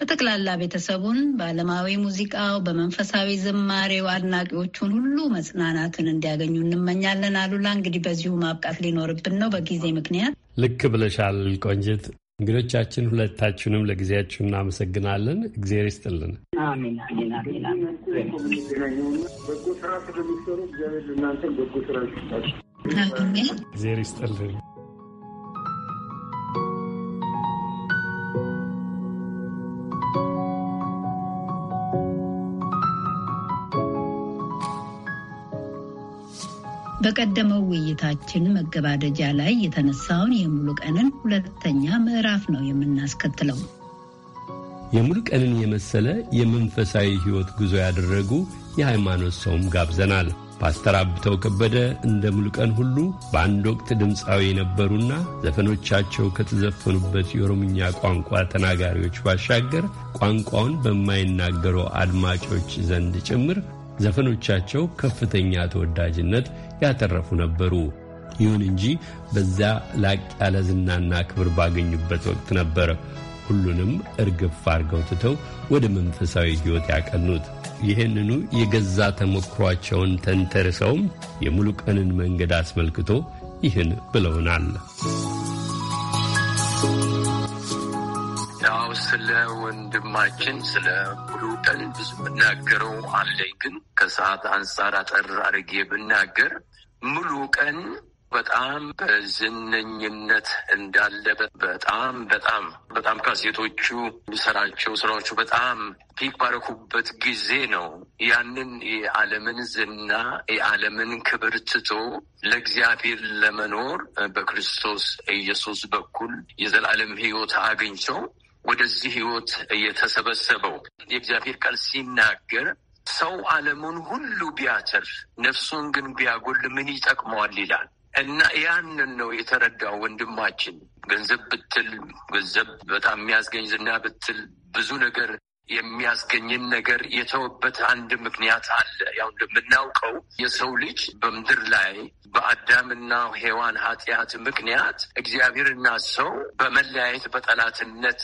በጠቅላላ ቤተሰቡን በዓለማዊ ሙዚቃው፣ በመንፈሳዊ ዝማሬው አድናቂዎቹን ሁሉ መጽናናትን እንዲያገኙ እንመኛለን። አሉላ፣ እንግዲህ በዚሁ ማብቃት ሊኖርብን ነው በጊዜ ምክንያት። ልክ ብለሻል ቆንጅት። እንግዶቻችን ሁለታችሁንም ለጊዜያችሁ እናመሰግናለን። እግዜር ይስጥልን። እግዜር ይስጥልን። በቀደመው ውይይታችን መገባደጃ ላይ የተነሳውን የሙሉ ቀንን ሁለተኛ ምዕራፍ ነው የምናስከትለው። የሙሉ ቀንን የመሰለ የመንፈሳዊ ሕይወት ጉዞ ያደረጉ የሃይማኖት ሰውም ጋብዘናል። ፓስተር አብተው ከበደ እንደ ሙሉ ቀን ሁሉ በአንድ ወቅት ድምፃዊ የነበሩና ዘፈኖቻቸው ከተዘፈኑበት የኦሮምኛ ቋንቋ ተናጋሪዎች ባሻገር ቋንቋውን በማይናገሩ አድማጮች ዘንድ ጭምር ዘፈኖቻቸው ከፍተኛ ተወዳጅነት ያተረፉ ነበሩ። ይሁን እንጂ በዚያ ላቅ ያለ ዝናና ክብር ባገኙበት ወቅት ነበር ሁሉንም እርግፍ አድርገው ትተው ወደ መንፈሳዊ ሕይወት ያቀኑት። ይህንኑ የገዛ ተሞክሯቸውን ተንተርሰውም የሙሉ ቀንን መንገድ አስመልክቶ ይህን ብለውናል። ስለ ወንድማችን ስለ ብሉጠን ቀን ብዙ የምናገረው አለኝ፣ ግን ከሰዓት አንጻር አጠር አድርጌ ብናገር ሙሉ ቀን በጣም በዝነኝነት እንዳለበት በጣም በጣም በጣም ካሴቶቹ የሚሰራቸው ስራዎቹ በጣም ፒክ ባረኩበት ጊዜ ነው። ያንን የዓለምን ዝና የዓለምን ክብር ትቶ ለእግዚአብሔር ለመኖር በክርስቶስ ኢየሱስ በኩል የዘላለም ሕይወት አግኝተው ወደዚህ ህይወት የተሰበሰበው። የእግዚአብሔር ቃል ሲናገር ሰው ዓለሙን ሁሉ ቢያተር ነፍሱን ግን ቢያጎል ምን ይጠቅመዋል ይላል እና ያንን ነው የተረዳው ወንድማችን። ገንዘብ ብትል ገንዘብ በጣም የሚያስገኝ ዝና ብትል ብዙ ነገር የሚያስገኝን ነገር የተወበት አንድ ምክንያት አለ። ያው እንደምናውቀው የሰው ልጅ በምድር ላይ በአዳምና ሔዋን ኃጢአት ምክንያት እግዚአብሔርና ሰው በመለያየት በጠላትነት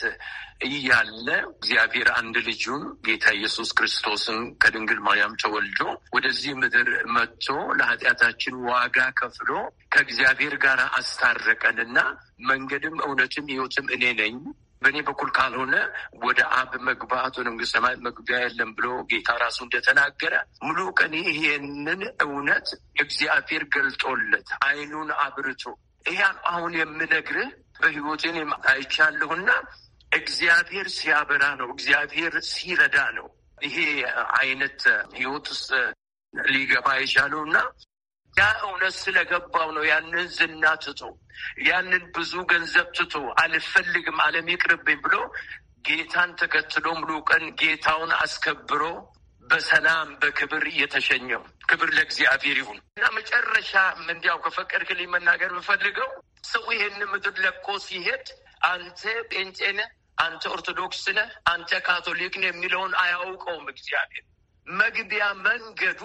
እያለ እግዚአብሔር አንድ ልጁን ጌታ ኢየሱስ ክርስቶስን ከድንግል ማርያም ተወልዶ ወደዚህ ምድር መጥቶ ለኃጢአታችን ዋጋ ከፍሎ ከእግዚአብሔር ጋር አስታረቀንና መንገድም እውነትም ሕይወትም እኔ ነኝ በእኔ በኩል ካልሆነ ወደ አብ መግባት ወደ መንግስተ ሰማያት መግቢያ የለም ብሎ ጌታ ራሱ እንደተናገረ ሙሉ ቀን ይሄንን እውነት እግዚአብሔር ገልጦለት አይኑን አብርቶ ይሄ አሁን የምነግርህ በህይወቴን አይቻለሁና እግዚአብሔር ሲያበራ ነው። እግዚአብሔር ሲረዳ ነው። ይሄ አይነት ህይወት ውስጥ ሊገባ የቻለው እና ያ እውነት ስለገባው ነው ያንን ዝና ትቶ ያንን ብዙ ገንዘብ ትቶ አልፈልግም ዓለም ይቅርብኝ ብሎ ጌታን ተከትሎ ሙሉ ቀን ጌታውን አስከብሮ በሰላም በክብር እየተሸኘው ክብር ለእግዚአብሔር ይሁን እና መጨረሻ እንዲያው ከፈቀድክልኝ መናገር የምፈልገው ሰው ይሄን ምድር ለቆ ሲሄድ አንተ ጴንጤ ነህ፣ አንተ ኦርቶዶክስ ነህ፣ አንተ ካቶሊክ ነህ የሚለውን አያውቀውም። እግዚአብሔር መግቢያ መንገዱ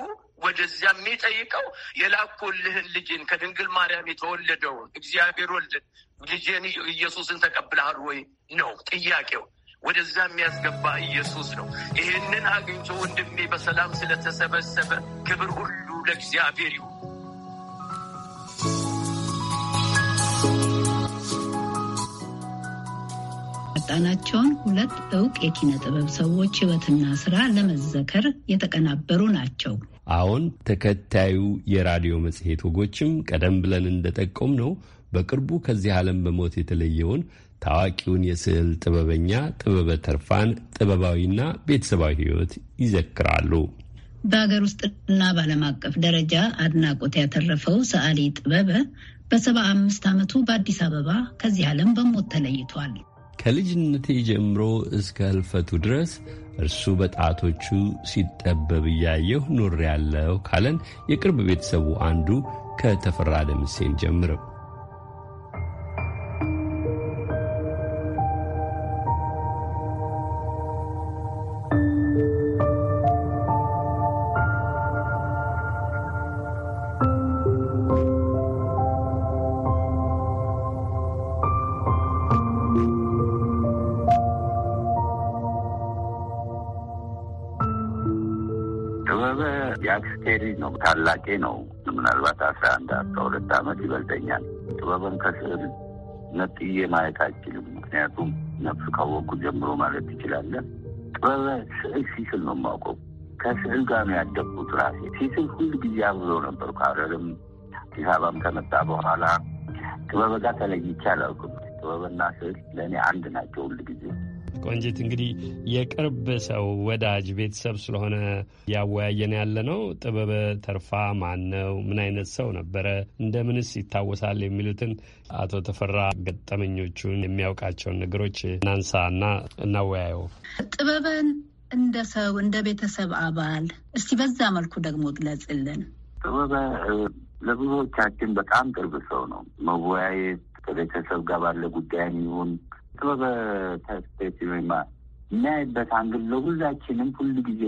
ወደዚያ የሚጠይቀው የላኩልህን ልጅን ከድንግል ማርያም የተወለደውን እግዚአብሔር ወልድን ልጅን ኢየሱስን ተቀብለሃል ወይ ነው ጥያቄው። ወደዛ የሚያስገባ ኢየሱስ ነው። ይህንን አግኝቶ ወንድሜ በሰላም ስለተሰበሰበ ክብር ሁሉ ለእግዚአብሔር ይሁን። ያወጣናቸውን ሁለት እውቅ የኪነ ጥበብ ሰዎች ሕይወትና ስራ ለመዘከር የተቀናበሩ ናቸው። አሁን ተከታዩ የራዲዮ መጽሔት ወጎችም ቀደም ብለን እንደጠቆም ነው በቅርቡ ከዚህ ዓለም በሞት የተለየውን ታዋቂውን የስዕል ጥበበኛ ጥበበ ተርፋን ጥበባዊና ቤተሰባዊ ህይወት ይዘክራሉ። በሀገር ውስጥና በዓለም አቀፍ ደረጃ አድናቆት ያተረፈው ሰዓሊ ጥበበ በሰባ አምስት ዓመቱ በአዲስ አበባ ከዚህ ዓለም በሞት ተለይቷል። ከልጅነቴ ጀምሮ እስከ ህልፈቱ ድረስ እርሱ በጣቶቹ ሲጠበብ እያየሁ ኖሬ ያለሁ ካለን የቅርብ ቤተሰቡ አንዱ ከተፈራ ደምሴን ጀምረው ነው። ምናልባት አስራ አንድ አስራ ሁለት ዓመት ይበልጠኛል። ጥበብን ከስዕል ነጥዬ ማየት አይችልም ምክንያቱም ነፍስ ካወቅኩ ጀምሮ ማለት ትችላለህ። ጥበብ ስዕል ሲስል ነው የማውቀው። ከስዕል ጋር ነው ያደግኩት። ራሴ ሲስል ሁል ጊዜ አብዞ ነበር። ካረርም አዲስ አበባም ከመጣ በኋላ ጥበብ ጋር ተለይቼ አላውቅም። ጥበብና ስዕል ለእኔ አንድ ናቸው ሁል ጊዜ ቆንጂት እንግዲህ የቅርብ ሰው ወዳጅ ቤተሰብ ስለሆነ ያወያየን ያለ ነው። ጥበበ ተርፋ ማን ነው? ምን አይነት ሰው ነበረ? እንደምንስ ይታወሳል? የሚሉትን አቶ ተፈራ ገጠመኞቹን የሚያውቃቸውን ነገሮች እናንሳ እና እናወያየው። ጥበበን እንደ ሰው እንደ ቤተሰብ አባል እስቲ በዛ መልኩ ደግሞ ግለጽልን። ጥበበ ለብዙዎቻችን በጣም ቅርብ ሰው ነው። መወያየት ከቤተሰብ ጋር ባለ ጉዳይም ይሁን ከበ ፐርስፔክቲቭ ወይም እናያይበት አንግል ለሁላችንም ሁሉ ጊዜ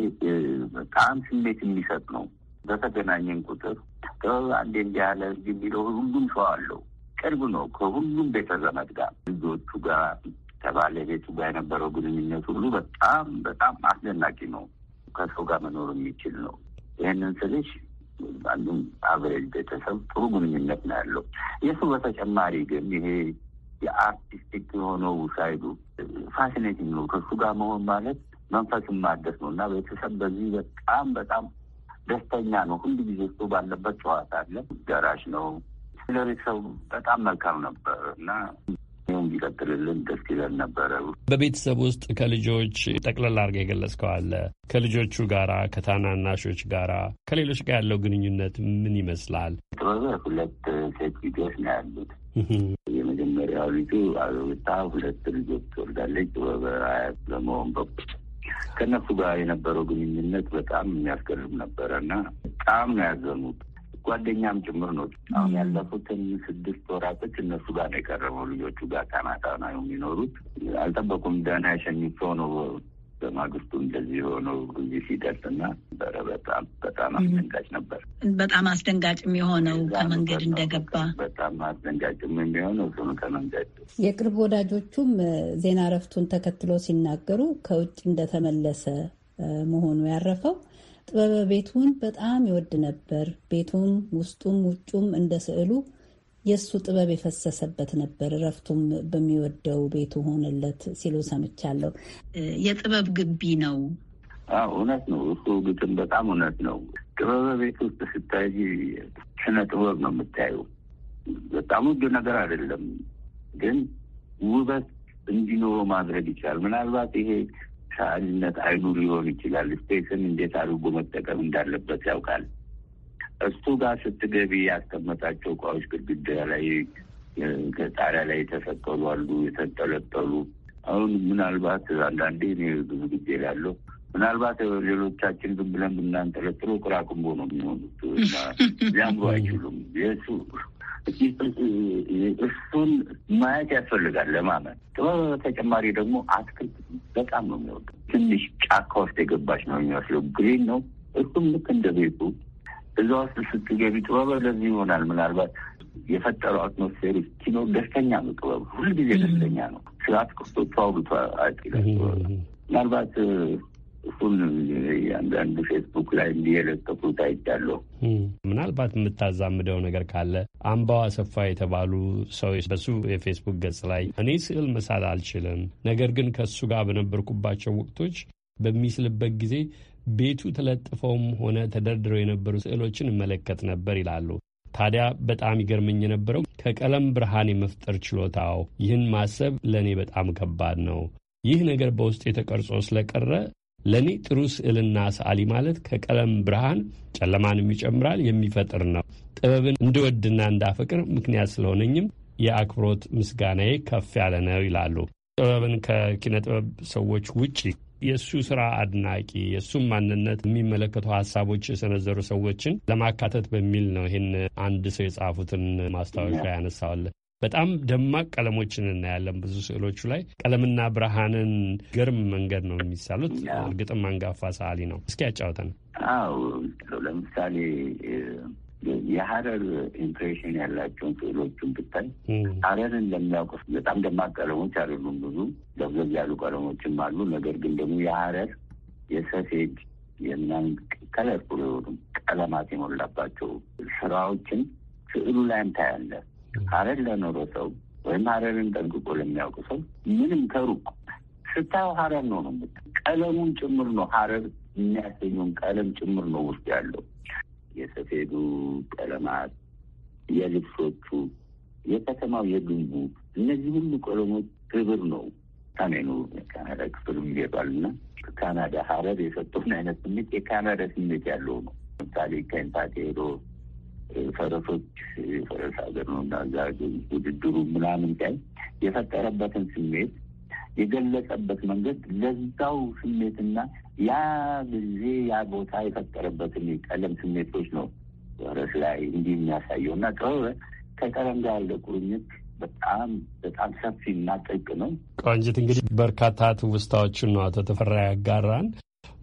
በጣም ስሜት የሚሰጥ ነው። በተገናኘን ቁጥር ጥበብ አንዴ እንዲህ ያለ የሚለው ሁሉም ሰው አለው። ቅርብ ነው ከሁሉም ቤተዘመድ ጋር ልጆቹ ጋር ከባለቤቱ ጋር የነበረው ግንኙነት ሁሉ በጣም በጣም አስደናቂ ነው። ከሰው ጋር መኖር የሚችል ነው። ይህንን ስልሽ አንዱም አብሬጅ ቤተሰብ ጥሩ ግንኙነት ነው ያለው። የሱ በተጨማሪ ግን ይሄ የአርቲስቲክ የሆነው ሳይዱ ፋሲኔቲንግ ነው። ከሱ ጋር መሆን ማለት መንፈስን ማደስ ነው እና ቤተሰብ በዚህ በጣም በጣም ደስተኛ ነው። ሁሉ ጊዜ እሱ ባለበት ጨዋታ አለ፣ ገራሽ ነው። ለቤተሰቡ በጣም መልካም ነበር እና ይኸው ደስ ይለን ነበረ። በቤተሰብ ውስጥ ከልጆች ጠቅለል አድርገህ የገለጽከው አለ። ከልጆቹ ጋራ ከታናናሾች ጋራ ከሌሎች ጋር ያለው ግንኙነት ምን ይመስላል? ጥበበ ሁለት ሴት ልጆች ነው ያሉት ያው ልጁ ሁለት ልጆች ወልዳለች። በበሀያ ለመሆን በኩ ከእነሱ ጋር የነበረው ግንኙነት በጣም የሚያስገርም ነበረ እና በጣም ነው ያዘኑት። ጓደኛም ጭምር ነው። አሁን ያለፉትን ስድስት ወራቶች እነሱ ጋር ነው የቀረበው። ልጆቹ ጋር ካናዳ ነው የሚኖሩት። አልጠበቁም። ደህና ያሸኝቸው ነው በማግስቱ እንደዚህ የሆነው ጊዜ ሲደርስና ነበረ። በጣም በጣም አስደንጋጭ ነበር። በጣም አስደንጋጭም የሆነው ከመንገድ እንደገባ በጣም አስደንጋጭም የሚሆነው እሱን ከመንገድ የቅርብ ወዳጆቹም ዜና እረፍቱን ተከትሎ ሲናገሩ ከውጭ እንደተመለሰ መሆኑ ያረፈው ጥበበ ቤቱን በጣም ይወድ ነበር። ቤቱን ውስጡም ውጩም እንደ ስዕሉ የእሱ ጥበብ የፈሰሰበት ነበር። እረፍቱም በሚወደው ቤቱ ሆነለት ሲሉ ሰምቻለሁ። የጥበብ ግቢ ነው። እውነት ነው። እሱ ግጥም በጣም እውነት ነው። ጥበበ ቤት ውስጥ ስታይ ስነ ጥበብ ነው የምታየው። በጣም ውድ ነገር አይደለም፣ ግን ውበት እንዲኖረው ማድረግ ይችላል። ምናልባት ይሄ ሰዓሊነት አይኑ ሊሆን ይችላል። ስፔስን እንዴት አድርጎ መጠቀም እንዳለበት ያውቃል። እሱ ጋር ስትገቢ ያስቀመጣቸው እቃዎች ግድግዳ ላይ ከጣሪያ ላይ የተሰቀሉ አሉ፣ የተንጠለጠሉ። አሁን ምናልባት አንዳንዴ እኔ ብዙ ጊዜ ላለው ምናልባት ሌሎቻችን ዝም ብለን ብናንጠለጥሎ ቅራቅንቦ ነው የሚሆኑት ሊያምሩ አይችሉም። የሱ እሱን ማየት ያስፈልጋል ለማመን። ጥበብ በተጨማሪ ደግሞ አትክልት በጣም ነው የሚወዱ። ትንሽ ጫካ ውስጥ የገባች ነው የሚመስለው፣ ግሪን ነው እሱም ልክ እንደ ቤቱ እዛ ውስጥ ስትገቢ ጥበብ ለዚህ ይሆናል ምናልባት የፈጠረው አትሞስፌር ኪኖ ደስተኛ ነው። ጥበብ ሁልጊዜ ደስተኛ ነው። ስለ አትክልቶቹ አውርቶ አይጥልም። ምናልባት እሱን አንዳንድ ፌስቡክ ላይ እንዲህ የለጠፉት አይቻለሁ። ምናልባት የምታዛምደው ነገር ካለ አምባው አሰፋ የተባሉ ሰው በሱ የፌስቡክ ገጽ ላይ እኔ ስዕል መሳል አልችልም፣ ነገር ግን ከእሱ ጋር በነበርኩባቸው ወቅቶች በሚስልበት ጊዜ ቤቱ ተለጥፈውም ሆነ ተደርድረው የነበሩ ስዕሎችን እመለከት ነበር ይላሉ። ታዲያ በጣም ይገርመኝ የነበረው ከቀለም ብርሃን የመፍጠር ችሎታው፣ ይህን ማሰብ ለእኔ በጣም ከባድ ነው። ይህ ነገር በውስጥ የተቀርጾ ስለቀረ ለእኔ ጥሩ ስዕልና ሰዓሊ ማለት ከቀለም ብርሃን ጨለማንም ይጨምራል የሚፈጥር ነው። ጥበብን እንድወድና እንዳፈቅር ምክንያት ስለሆነኝም የአክብሮት ምስጋናዬ ከፍ ያለ ነው ይላሉ። ጥበብን ከኪነ ጥበብ ሰዎች ውጪ የእሱ ስራ አድናቂ የእሱም ማንነት የሚመለከቱ ሀሳቦች የሰነዘሩ ሰዎችን ለማካተት በሚል ነው ይህን አንድ ሰው የጻፉትን ማስታወሻ ያነሳዋል። በጣም ደማቅ ቀለሞችን እናያለን ብዙ ስዕሎቹ ላይ ቀለምና ብርሃንን ግርም መንገድ ነው የሚሳሉት። እርግጥም አንጋፋ ሰዓሊ ነው። እስኪ ያጫውተን። አዎ ለምሳሌ የሀረር ኢምፕሬሽን ያላቸውን ስዕሎቹን ብታይ ሀረርን ለሚያውቅ በጣም ደማቅ ቀለሞች አይደሉም። ብዙ ደብዘዝ ያሉ ቀለሞችም አሉ። ነገር ግን ደግሞ የሀረር የሰፌድ የምናምን ከለርፉል የሆኑ ቀለማት የሞላባቸው ስራዎችን ስዕሉ ላይም ታያለህ። ሀረር ለኖረ ሰው ወይም ሀረርን ጠንቅቆ ለሚያውቅ ሰው ምንም ከሩቅ ስታየው ሀረር ነው ነው ቀለሙን ጭምር ነው ሀረር የሚያሰኘውን ቀለም ጭምር ነው ውስጥ ያለው የሰፌዱ ቀለማት፣ የልብሶቹ፣ የከተማው የግንቡ እነዚህ ሁሉ ቀለሞች ክብር ነው። ሰሜኑ የካናዳ ክፍልም ይገባልና ካናዳ ሀረር የሰጠውን አይነት ስሜት የካናዳ ስሜት ያለው ነው። ለምሳሌ ከኢምፓቴ ሄዶ ፈረሶች የፈረስ ሀገር ነው እና እዛ ውድድሩ ምናምን ቀይ የፈጠረበትን ስሜት የገለጸበት መንገድ ለዛው ስሜትና ያ ጊዜ ያ ቦታ የፈጠረበትን ቀለም ስሜቶች ነው ርዕስ ላይ እንዲህ የሚያሳየው እና ጥበብ ከቀለም ጋር ያለ ቁርኝት በጣም በጣም ሰፊ እና ጥልቅ ነው። ቆንጅት እንግዲህ በርካታ ትውስታዎችን ነው አቶ ተፈራ ያጋራን።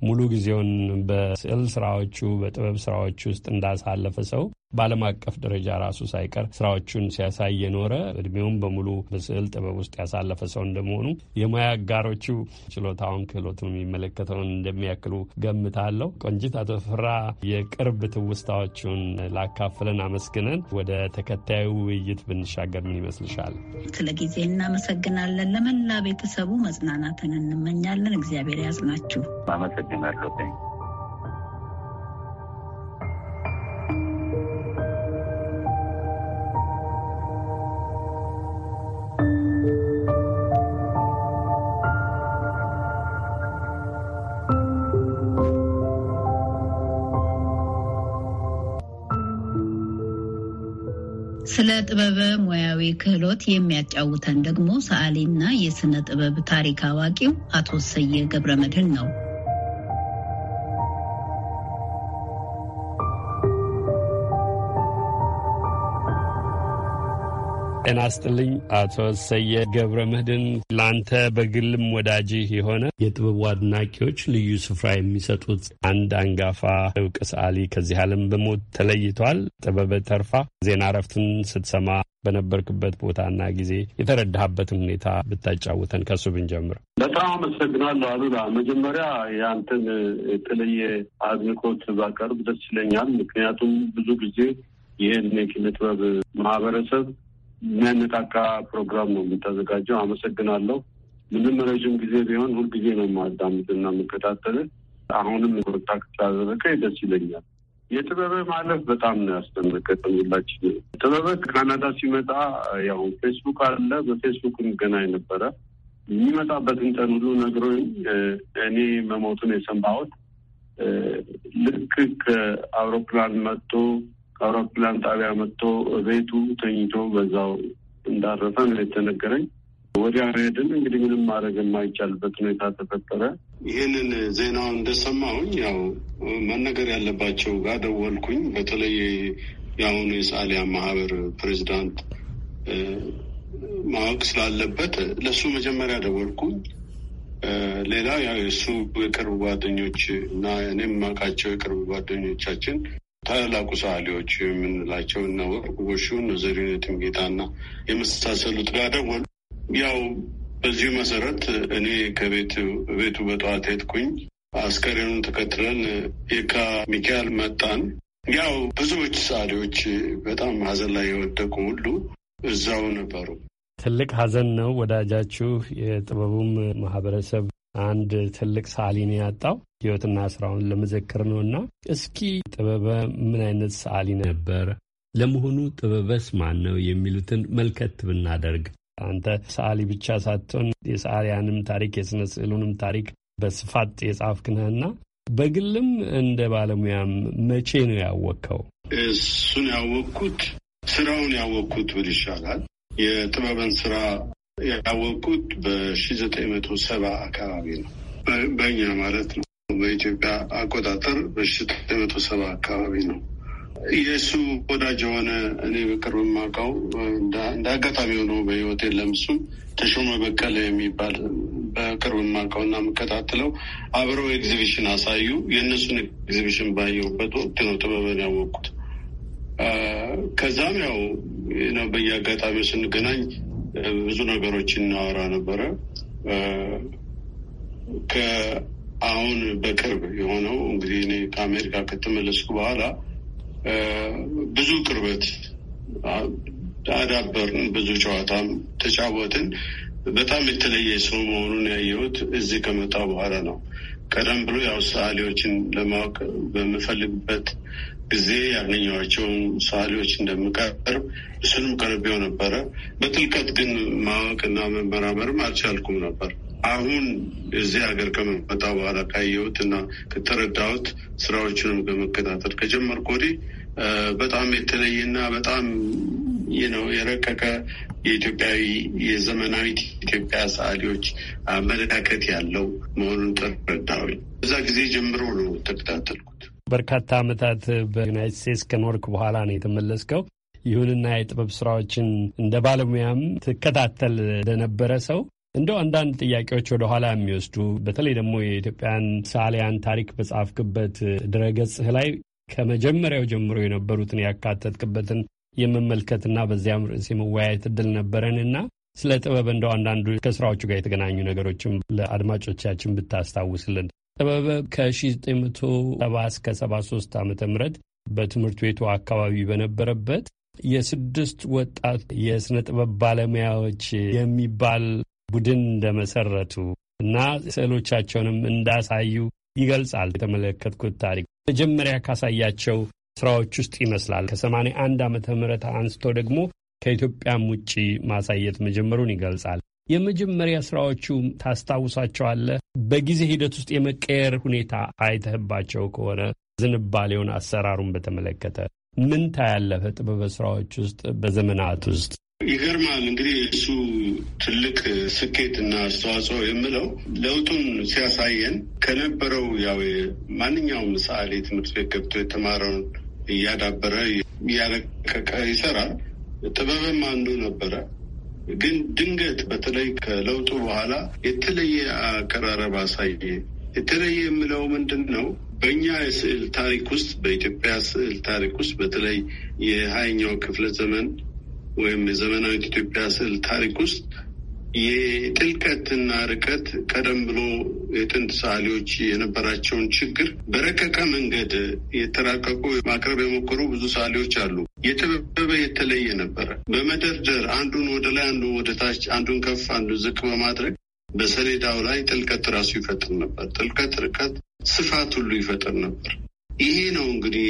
ሙሉ ጊዜውን በስዕል ስራዎቹ፣ በጥበብ ስራዎች ውስጥ እንዳሳለፈ ሰው በዓለም አቀፍ ደረጃ ራሱ ሳይቀር ስራዎቹን ሲያሳይ የኖረ እድሜውም በሙሉ በስዕል ጥበብ ውስጥ ያሳለፈ ሰው እንደመሆኑ የሙያ አጋሮቹ ችሎታውን ክህሎቱን የሚመለከተውን እንደሚያክሉ ገምታለሁ። ቆንጂት፣ አቶ ፍራ የቅርብ ትውስታዎቹን ላካፍለን አመስግነን ወደ ተከታዩ ውይይት ብንሻገር ምን ይመስልሻል? ስለ ጊዜ እናመሰግናለን። ለመላ ቤተሰቡ መጽናናትን እንመኛለን። እግዚአብሔር ያጽናችሁ። አመሰግናለሁ። ጥበበ ሙያዊ ክህሎት የሚያጫውተን ደግሞ ሰዓሊና የስነ ጥበብ ታሪክ አዋቂው አቶ ሰየ ገብረ መድህን ነው። ይስጥልኝ አቶ ሰየ ገብረ ምህድን ለአንተ በግልም ወዳጅህ የሆነ የጥበቡ አድናቂዎች ልዩ ስፍራ የሚሰጡት አንድ አንጋፋ እውቅ ሰዓሊ ከዚህ ዓለም በሞት ተለይቷል። ጥበበ ተርፋ ዜና እረፍቱን ስትሰማ በነበርክበት ቦታና ጊዜ የተረዳህበትን ሁኔታ ብታጫውተን ከሱ ብንጀምር። በጣም አመሰግናለሁ አሉላ። መጀመሪያ የአንተን የተለየ አድንቆት ባቀርብ ደስ ይለኛል። ምክንያቱም ብዙ ጊዜ ይህን የኪነ ጥበብ ማህበረሰብ የሚያነቃቃ ፕሮግራም ነው የምታዘጋጀው። አመሰግናለሁ። ምንም ረዥም ጊዜ ቢሆን ሁልጊዜ ነው ማዳምጥና የምከታተል። አሁንም ኮንታክት ስላደረከኝ ደስ ይለኛል። የጥበበ ማለፍ በጣም ነው ያስደነገጠን ሁላችን። ጥበበ ካናዳ ሲመጣ ያው ፌስቡክ አለ፣ በፌስቡክ እንገናኝ ነበረ። የሚመጣበትን ቀን ሁሉ ነግሮኝ እኔ መሞቱን የሰማሁት ልክ ከአውሮፕላን መጥቶ ከአውሮፕላን ጣቢያ መጥቶ ቤቱ ተኝቶ በዛው እንዳረፈ ነው የተነገረኝ። ወዲያ ሄድን። እንግዲህ ምንም ማድረግ የማይቻልበት ሁኔታ ተፈጠረ። ይህንን ዜናውን እንደሰማሁኝ ያው መነገር ያለባቸው ጋር ደወልኩኝ። በተለይ የአሁኑ የሰዓሊያን ማህበር ፕሬዚዳንት ማወቅ ስላለበት ለእሱ መጀመሪያ ደወልኩኝ። ሌላ ያው የእሱ የቅርብ ጓደኞች እና እኔም የማውቃቸው የቅርብ ጓደኞቻችን ታላቁ ሰዓሊዎች የምንላቸው እነ ወርቅ ጎሹ፣ ዘሪሁን ትምጌታና የመሳሰሉት ጋር ደወሉ። ያው በዚሁ መሰረት እኔ ከቤቱ ቤቱ በጠዋት ሄድኩኝ። አስከሬኑን ተከትለን የካ ሚካኤል መጣን። ያው ብዙዎች ሰዓሊዎች በጣም ሀዘን ላይ የወደቁ ሁሉ እዛው ነበሩ። ትልቅ ሀዘን ነው። ወዳጃችሁ የጥበቡም ማህበረሰብ አንድ ትልቅ ሰዓሊ ያጣው። ህይወትና ስራውን ለመዘከር ነውና እስኪ ጥበበ ምን አይነት ሰዓሊ ነበር? ለመሆኑ ጥበበስ ማን ነው የሚሉትን መልከት ብናደርግ አንተ ሰዓሊ ብቻ ሳትሆን የሰዓሊያንም ታሪክ የሥነ ስዕሉንም ታሪክ በስፋት የጻፍክነህና በግልም እንደ ባለሙያም መቼ ነው ያወቅከው? እሱን ያወቅኩት ስራውን ያወቅኩት ብል ይሻላል። የጥበብን ስራ ያወቅኩት በሺ ዘጠኝ መቶ ሰባ አካባቢ ነው በእኛ ማለት ነው። በኢትዮጵያ አቆጣጠር በሽት መቶ ሰባ አካባቢ ነው። የእሱ ወዳጅ የሆነ እኔ በቅርብ የማውቀው እንደ አጋጣሚ ሆኖ በህይወት የለም። እሱም ተሾመ በቀለ የሚባል በቅርብ የማውቀው እና የምከታተለው አብረው ኤግዚቢሽን አሳዩ። የእነሱን ኤግዚቢሽን ባየሁበት ወቅት ነው ጥበብን ያወቅኩት። ከዛም ያው ነው በየአጋጣሚው ስንገናኝ ብዙ ነገሮች እናወራ ነበረ። አሁን በቅርብ የሆነው እንግዲህ እኔ ከአሜሪካ ከተመለስኩ በኋላ ብዙ ቅርበት አዳበርን፣ ብዙ ጨዋታም ተጫወትን። በጣም የተለየ ሰው መሆኑን ያየሁት እዚህ ከመጣ በኋላ ነው። ቀደም ብሎ ያው ሰዓሊዎችን ለማወቅ በምፈልግበት ጊዜ ያገኘኋቸውን ሰዓሊዎች እንደምቀርብ እሱንም ቀርቤው ነበረ። በጥልቀት ግን ማወቅና መመራመርም አልቻልኩም ነበር። አሁን እዚህ ሀገር ከመጣ በኋላ ካየሁት እና ከተረዳሁት ስራዎችንም በመከታተል ከጀመርኩ ወዲህ በጣም የተለየና በጣም ነው የረቀቀ የኢትዮጵያዊ የዘመናዊት ኢትዮጵያ ሰዓሊዎች አመለካከት ያለው መሆኑን ተረዳሁኝ። በዛ ጊዜ ጀምሮ ነው ተከታተልኩት። በርካታ ዓመታት በዩናይት ስቴትስ ከኖርክ በኋላ ነው የተመለስከው። ይሁንና የጥበብ ስራዎችን እንደ ባለሙያም ትከታተል እንደነበረ ሰው እንደው አንዳንድ ጥያቄዎች ወደ ኋላ የሚወስዱ በተለይ ደግሞ የኢትዮጵያን ሳሊያን ታሪክ በጻፍክበት ድረገጽህ ላይ ከመጀመሪያው ጀምሮ የነበሩትን ያካተትክበትን የመመልከትና በዚያም ርዕስ የመወያየት እድል ነበረን እና ስለ ጥበብ እንደው አንዳንዱ ከስራዎቹ ጋር የተገናኙ ነገሮችም ለአድማጮቻችን ብታስታውስልን። ጥበበ ከ1970 እስከ 73 ዓ ም በትምህርት ቤቱ አካባቢ በነበረበት የስድስት ወጣት የሥነ ጥበብ ባለሙያዎች የሚባል ቡድን እንደመሰረቱ እና ስዕሎቻቸውንም እንዳሳዩ ይገልጻል። የተመለከትኩት ታሪክ መጀመሪያ ካሳያቸው ስራዎች ውስጥ ይመስላል። ከሰማንያ አንድ ዓመተ ምህረት አንስቶ ደግሞ ከኢትዮጵያም ውጭ ማሳየት መጀመሩን ይገልጻል። የመጀመሪያ ስራዎቹ ታስታውሳቸዋለህ? በጊዜ ሂደት ውስጥ የመቀየር ሁኔታ አይተህባቸው ከሆነ ዝንባሌውን፣ አሰራሩን በተመለከተ ምን ታያለፈ ጥበበ ስራዎች ውስጥ በዘመናት ውስጥ ይገርማል። እንግዲህ እሱ ትልቅ ስኬት እና አስተዋጽኦ የምለው ለውጡን ሲያሳየን ከነበረው ያው ማንኛውም ሰዓሊ ትምህርት ቤት ገብቶ የተማረውን እያዳበረ እያለቀቀ ይሰራል። ጥበብም አንዱ ነበረ። ግን ድንገት በተለይ ከለውጡ በኋላ የተለየ አቀራረብ አሳየ። የተለየ የምለው ምንድን ነው? በእኛ የስዕል ታሪክ ውስጥ በኢትዮጵያ ስዕል ታሪክ ውስጥ በተለይ የሀያኛው ክፍለ ዘመን ወይም የዘመናዊት ኢትዮጵያ ስዕል ታሪክ ውስጥ የጥልቀትና ርቀት ቀደም ብሎ የጥንት ሰዓሊዎች የነበራቸውን ችግር በረቀቀ መንገድ የተራቀቁ ማቅረብ የሞከሩ ብዙ ሰዓሊዎች አሉ። የተበበበ የተለየ ነበረ። በመደርደር አንዱን ወደ ላይ፣ አንዱን ወደ ታች፣ አንዱን ከፍ፣ አንዱን ዝቅ በማድረግ በሰሌዳው ላይ ጥልቀት ራሱ ይፈጥር ነበር። ጥልቀት፣ ርቀት፣ ስፋት ሁሉ ይፈጥር ነበር። ይሄ ነው እንግዲህ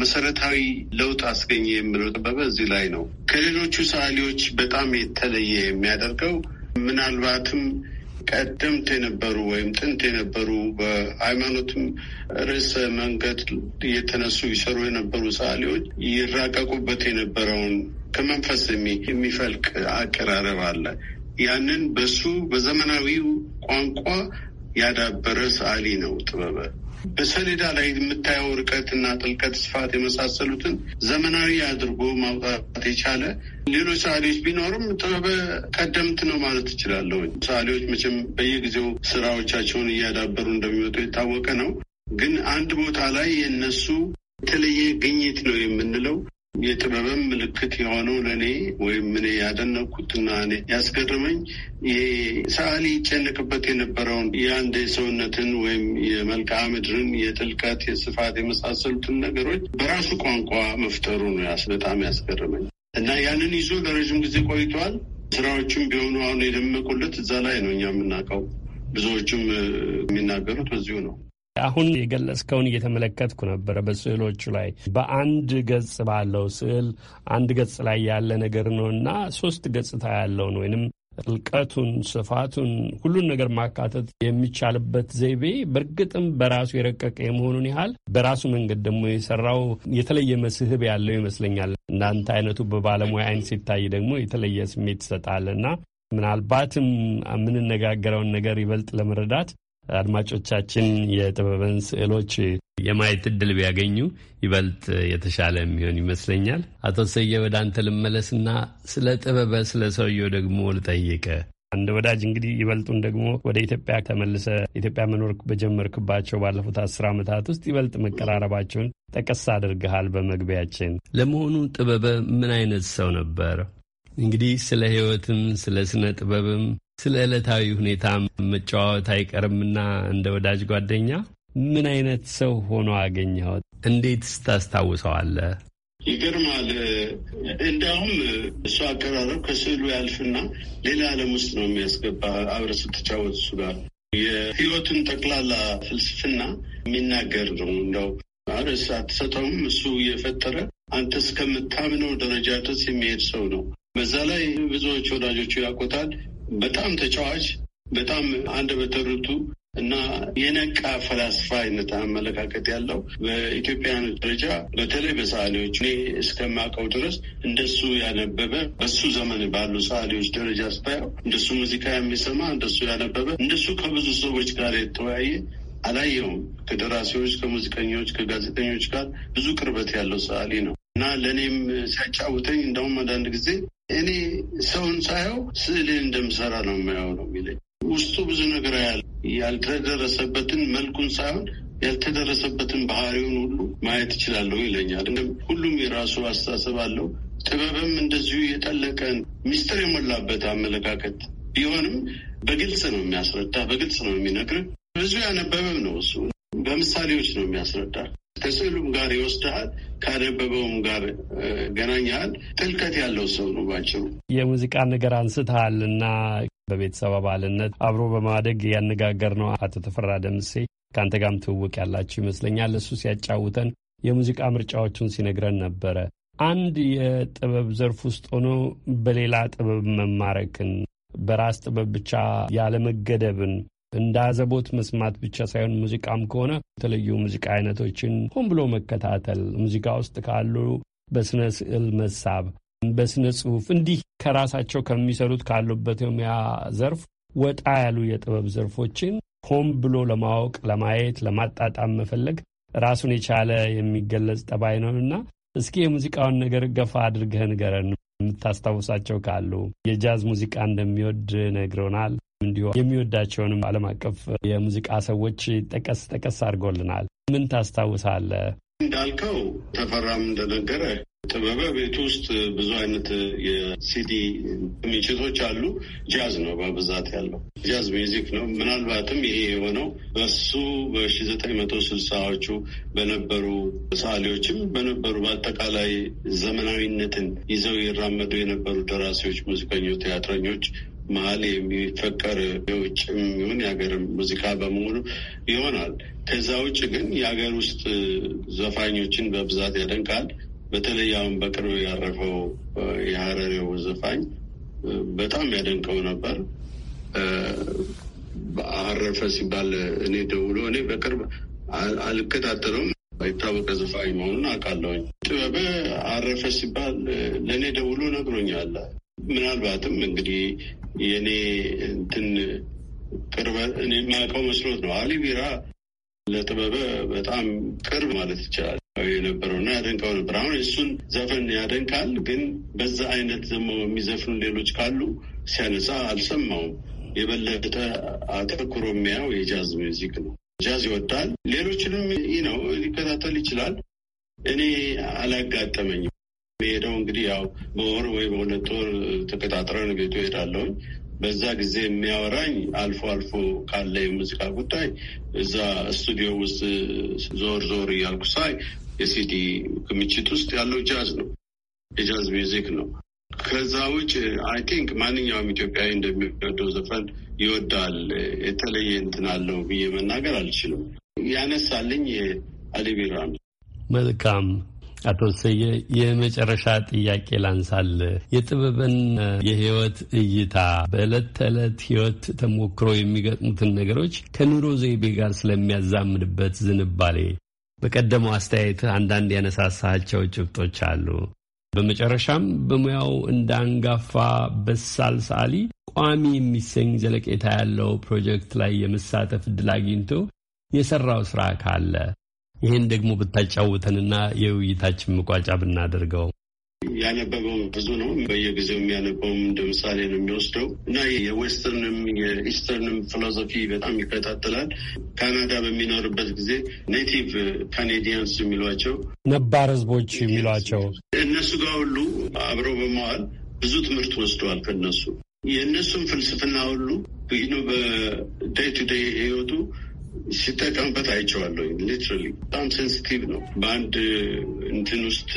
መሰረታዊ ለውጥ አስገኘ የምለው ጥበበ እዚህ ላይ ነው። ከሌሎቹ ሰዓሊዎች በጣም የተለየ የሚያደርገው ምናልባትም ቀደምት የነበሩ ወይም ጥንት የነበሩ በሃይማኖትም ርዕሰ መንገድ እየተነሱ ይሰሩ የነበሩ ሰዓሊዎች ይራቀቁበት የነበረውን ከመንፈስ የሚፈልቅ አቀራረብ አለ። ያንን በሱ በዘመናዊው ቋንቋ ያዳበረ ሰዓሊ ነው ጥበበ። በሰሌዳ ላይ የምታየው ርቀት እና ጥልቀት፣ ስፋት የመሳሰሉትን ዘመናዊ አድርጎ ማውጣት የቻለ ሌሎች ሰዓሊዎች ቢኖርም ጥበበ ቀደምት ነው ማለት እችላለሁ። ሰዓሊዎች መቼም በየጊዜው ስራዎቻቸውን እያዳበሩ እንደሚወጡ የታወቀ ነው። ግን አንድ ቦታ ላይ የነሱ የተለየ ግኝት ነው የምንለው የጥበብም ምልክት የሆነው ለእኔ ወይም እኔ ያደነኩትና እኔ ያስገረመኝ ሰዓሊ ይጨነቅበት የነበረውን የአንድ የሰውነትን ወይም የመልክዓ ምድርን የጥልቀት፣ የስፋት የመሳሰሉትን ነገሮች በራሱ ቋንቋ መፍጠሩ ነው በጣም ያስገረመኝ እና ያንን ይዞ ለረዥም ጊዜ ቆይቷል። ስራዎቹም ቢሆኑ አሁን የደመቁለት እዛ ላይ ነው እኛ የምናውቀው ብዙዎቹም የሚናገሩት በዚሁ ነው። አሁን የገለጽከውን እየተመለከትኩ ነበረ። በስዕሎቹ ላይ በአንድ ገጽ ባለው ስዕል አንድ ገጽ ላይ ያለ ነገር ነው እና ሶስት ገጽታ ያለውን ወይንም ጥልቀቱን፣ ስፋቱን ሁሉን ነገር ማካተት የሚቻልበት ዘይቤ በእርግጥም በራሱ የረቀቀ የመሆኑን ያህል በራሱ መንገድ ደግሞ የሰራው የተለየ መስህብ ያለው ይመስለኛል። እናንተ አይነቱ በባለሙያ አይን ሲታይ ደግሞ የተለየ ስሜት እና ምናልባትም የምንነጋገረውን ነገር ይበልጥ ለመረዳት አድማጮቻችን የጥበብን ስዕሎች የማየት እድል ቢያገኙ ይበልጥ የተሻለ የሚሆን ይመስለኛል። አቶ ሰየ ወደ አንተ ልመለስና ስለ ጥበበ ስለ ሰውየው ደግሞ ልጠይቀ አንድ ወዳጅ እንግዲህ ይበልጡን ደግሞ ወደ ኢትዮጵያ ተመልሰ ኢትዮጵያ መኖር በጀመርክባቸው ባለፉት አስር ዓመታት ውስጥ ይበልጥ መቀራረባቸውን ጠቀስ አድርገሃል በመግቢያችን። ለመሆኑ ጥበበ ምን አይነት ሰው ነበር? እንግዲህ ስለ ሕይወትም ስለ ስነ ጥበብም ስለ ዕለታዊ ሁኔታ መጨዋወት አይቀርምና እንደ ወዳጅ ጓደኛ ምን አይነት ሰው ሆኖ አገኘሁት? እንዴትስ ታስታውሰዋለህ? ይገርማል። እንዲያውም እሱ አቀራረብ ከስዕሉ ያልፍና ሌላ ዓለም ውስጥ ነው የሚያስገባ። አብረ ስትጫወት እሱ ጋር የህይወቱን ጠቅላላ ፍልስፍና የሚናገር ነው። እንደው ርዕስ አትሰጠውም። እሱ እየፈጠረ አንተ እስከምታምነው ደረጃ ድረስ የሚሄድ ሰው ነው። በዛ ላይ ብዙዎች ወዳጆቹ ያውቁታል። በጣም ተጫዋች፣ በጣም አንደበተ ርቱዕ እና የነቃ ፈላስፋ አይነት አመለካከት ያለው በኢትዮጵያን ደረጃ በተለይ በሰዓሊዎች እኔ እስከማውቀው ድረስ እንደሱ ያነበበ በሱ ዘመን ባሉ ሰዓሊዎች ደረጃ ስታየው እንደሱ ሙዚቃ የሚሰማ እንደሱ ያነበበ እንደሱ ከብዙ ሰዎች ጋር የተወያየ አላየውም። ከደራሲዎች፣ ከሙዚቀኞች፣ ከጋዜጠኞች ጋር ብዙ ቅርበት ያለው ሰዓሊ ነው። እና ለእኔም ሲያጫውተኝ እንደውም አንዳንድ ጊዜ እኔ ሰውን ሳየው ስዕልን እንደምሰራ ነው የማየው ነው የሚለኝ። ውስጡ ብዙ ነገር ያለ ያልተደረሰበትን መልኩን ሳይሆን ያልተደረሰበትን ባህሪውን ሁሉ ማየት እችላለሁ ይለኛል። ሁሉም የራሱ አስተሳሰብ አለው። ጥበብም እንደዚሁ የጠለቀን ሚስጥር የሞላበት አመለካከት ቢሆንም በግልጽ ነው የሚያስረዳ፣ በግልጽ ነው የሚነግር። ብዙ ያነበበም ነው እሱ በምሳሌዎች ነው የሚያስረዳ። ከስዕሉም ጋር ይወስድሃል፣ ካነበበውም ጋር ገናኛል። ጥልቀት ያለው ሰው ነው ባጭሩ። የሙዚቃ ነገር አንስተሃል እና በቤተሰብ አባልነት አብሮ በማደግ ያነጋገር ነው አቶ ተፈራ ደምሴ ከአንተ ጋርም ትውውቅ ያላችሁ ይመስለኛል። እሱ ሲያጫውተን የሙዚቃ ምርጫዎቹን ሲነግረን ነበረ። አንድ የጥበብ ዘርፍ ውስጥ ሆኖ በሌላ ጥበብ መማረክን በራስ ጥበብ ብቻ ያለመገደብን እንደ አዘቦት መስማት ብቻ ሳይሆን ሙዚቃም ከሆነ የተለዩ ሙዚቃ አይነቶችን ሆን ብሎ መከታተል፣ ሙዚቃ ውስጥ ካሉ በስነ ስዕል መሳብ፣ በስነ ጽሁፍ እንዲህ ከራሳቸው ከሚሰሩት ካሉበት የሙያ ዘርፍ ወጣ ያሉ የጥበብ ዘርፎችን ሆን ብሎ ለማወቅ፣ ለማየት፣ ለማጣጣም መፈለግ ራሱን የቻለ የሚገለጽ ጠባይ ነውና እስኪ የሙዚቃውን ነገር ገፋ አድርገህ ንገረን። የምታስታውሳቸው ካሉ የጃዝ ሙዚቃ እንደሚወድ ነግሮናል። እንዲሁ የሚወዳቸውንም ዓለም አቀፍ የሙዚቃ ሰዎች ጠቀስ ጠቀስ አድርጎልናል። ምን ታስታውሳለህ? እንዳልከው ተፈራም እንደነገረ ጥበበ ቤት ውስጥ ብዙ አይነት የሲዲ ምችቶች አሉ። ጃዝ ነው በብዛት ያለው ጃዝ ሚዚክ ነው። ምናልባትም ይሄ የሆነው በሱ በሺ ዘጠኝ መቶ ስልሳዎቹ በነበሩ ሰዓሊዎችም በነበሩ በአጠቃላይ ዘመናዊነትን ይዘው ይራመዱ የነበሩ ደራሲዎች፣ ሙዚቀኞች፣ ቲያትረኞች መሀል የሚፈቀር የውጭም ይሁን የሀገርም ሙዚቃ በመሆኑ ይሆናል። ከዛ ውጭ ግን የሀገር ውስጥ ዘፋኞችን በብዛት ያደንቃል። በተለይ አሁን በቅርብ ያረፈው የሀረሬው ዘፋኝ በጣም ያደንቀው ነበር። አረፈ ሲባል እኔ ደውሎ እኔ በቅርብ አልከታተለውም የታወቀ ዘፋኝ መሆኑን አውቃለሁኝ። ጥበበ አረፈ ሲባል ለእኔ ደውሎ ነግሮኛል። ምናልባትም እንግዲህ የእኔ እንትን ቅርበ እኔ የማውቀው መስሎት ነው። አሊ ቢራ ለጥበበ በጣም ቅርብ ማለት ይቻላል የነበረው እና ያደንቀው ነበር። አሁን እሱን ዘፈን ያደንቃል፣ ግን በዛ አይነት ደግሞ የሚዘፍኑ ሌሎች ካሉ ሲያነሳ አልሰማውም። የበለጠ አተኩሮ የሚያው የጃዝ ሚዚክ ነው። ጃዝ ይወዳል። ሌሎችንም ነው ሊከታተል ይችላል። እኔ አላጋጠመኝም። የሄደው እንግዲህ ያው በወር ወይ በሁለት ወር ተቀጣጥረን ቤቱ ሄዳለሁኝ። በዛ ጊዜ የሚያወራኝ አልፎ አልፎ ካለ የሙዚቃ ጉዳይ እዛ ስቱዲዮ ውስጥ ዞር ዞር እያልኩ ሳይ የሲዲ ክምችት ውስጥ ያለው ጃዝ ነው፣ የጃዝ ሚዚክ ነው። ከዛ ውጭ አይ ቲንክ ማንኛውም ኢትዮጵያዊ እንደሚወደው ዘፈን ይወዳል። የተለየ እንትን አለው ብዬ መናገር አልችልም። ያነሳልኝ የአሊቢራ ነው። መልካም አቶ ሰየ የመጨረሻ ጥያቄ ላንሳል። የጥበብን የህይወት እይታ በዕለት ተዕለት ህይወት ተሞክሮ የሚገጥሙትን ነገሮች ከኑሮ ዘይቤ ጋር ስለሚያዛምድበት ዝንባሌ በቀደመው አስተያየት አንዳንድ ያነሳሳቸው ጭብጦች አሉ። በመጨረሻም በሙያው እንደ አንጋፋ በሳል ሰዓሊ ቋሚ የሚሰኝ ዘለቄታ ያለው ፕሮጀክት ላይ የመሳተፍ እድል አግኝቶ የሰራው ስራ ካለ ይህን ደግሞ ብታጫውተንና የውይይታችን መቋጫ ብናደርገው። ያነበበው ብዙ ነው። በየጊዜው የሚያነበውም እንደ ምሳሌ ነው የሚወስደው እና የዌስተርንም የኢስተርንም ፊሎሶፊ በጣም ይከታተላል። ካናዳ በሚኖርበት ጊዜ ኔቲቭ ካኔዲያንስ የሚሏቸው ነባር ህዝቦች የሚሏቸው እነሱ ጋር ሁሉ አብረው በመዋል ብዙ ትምህርት ወስደዋል ከነሱ የእነሱም ፍልስፍና ሁሉ ይህ ነው ቱ ደይ ህይወቱ ሲጠቀምበት አይቼዋለሁ። ሊትራሊ በጣም ሴንስቲቭ ነው። በአንድ እንትን ውስጥ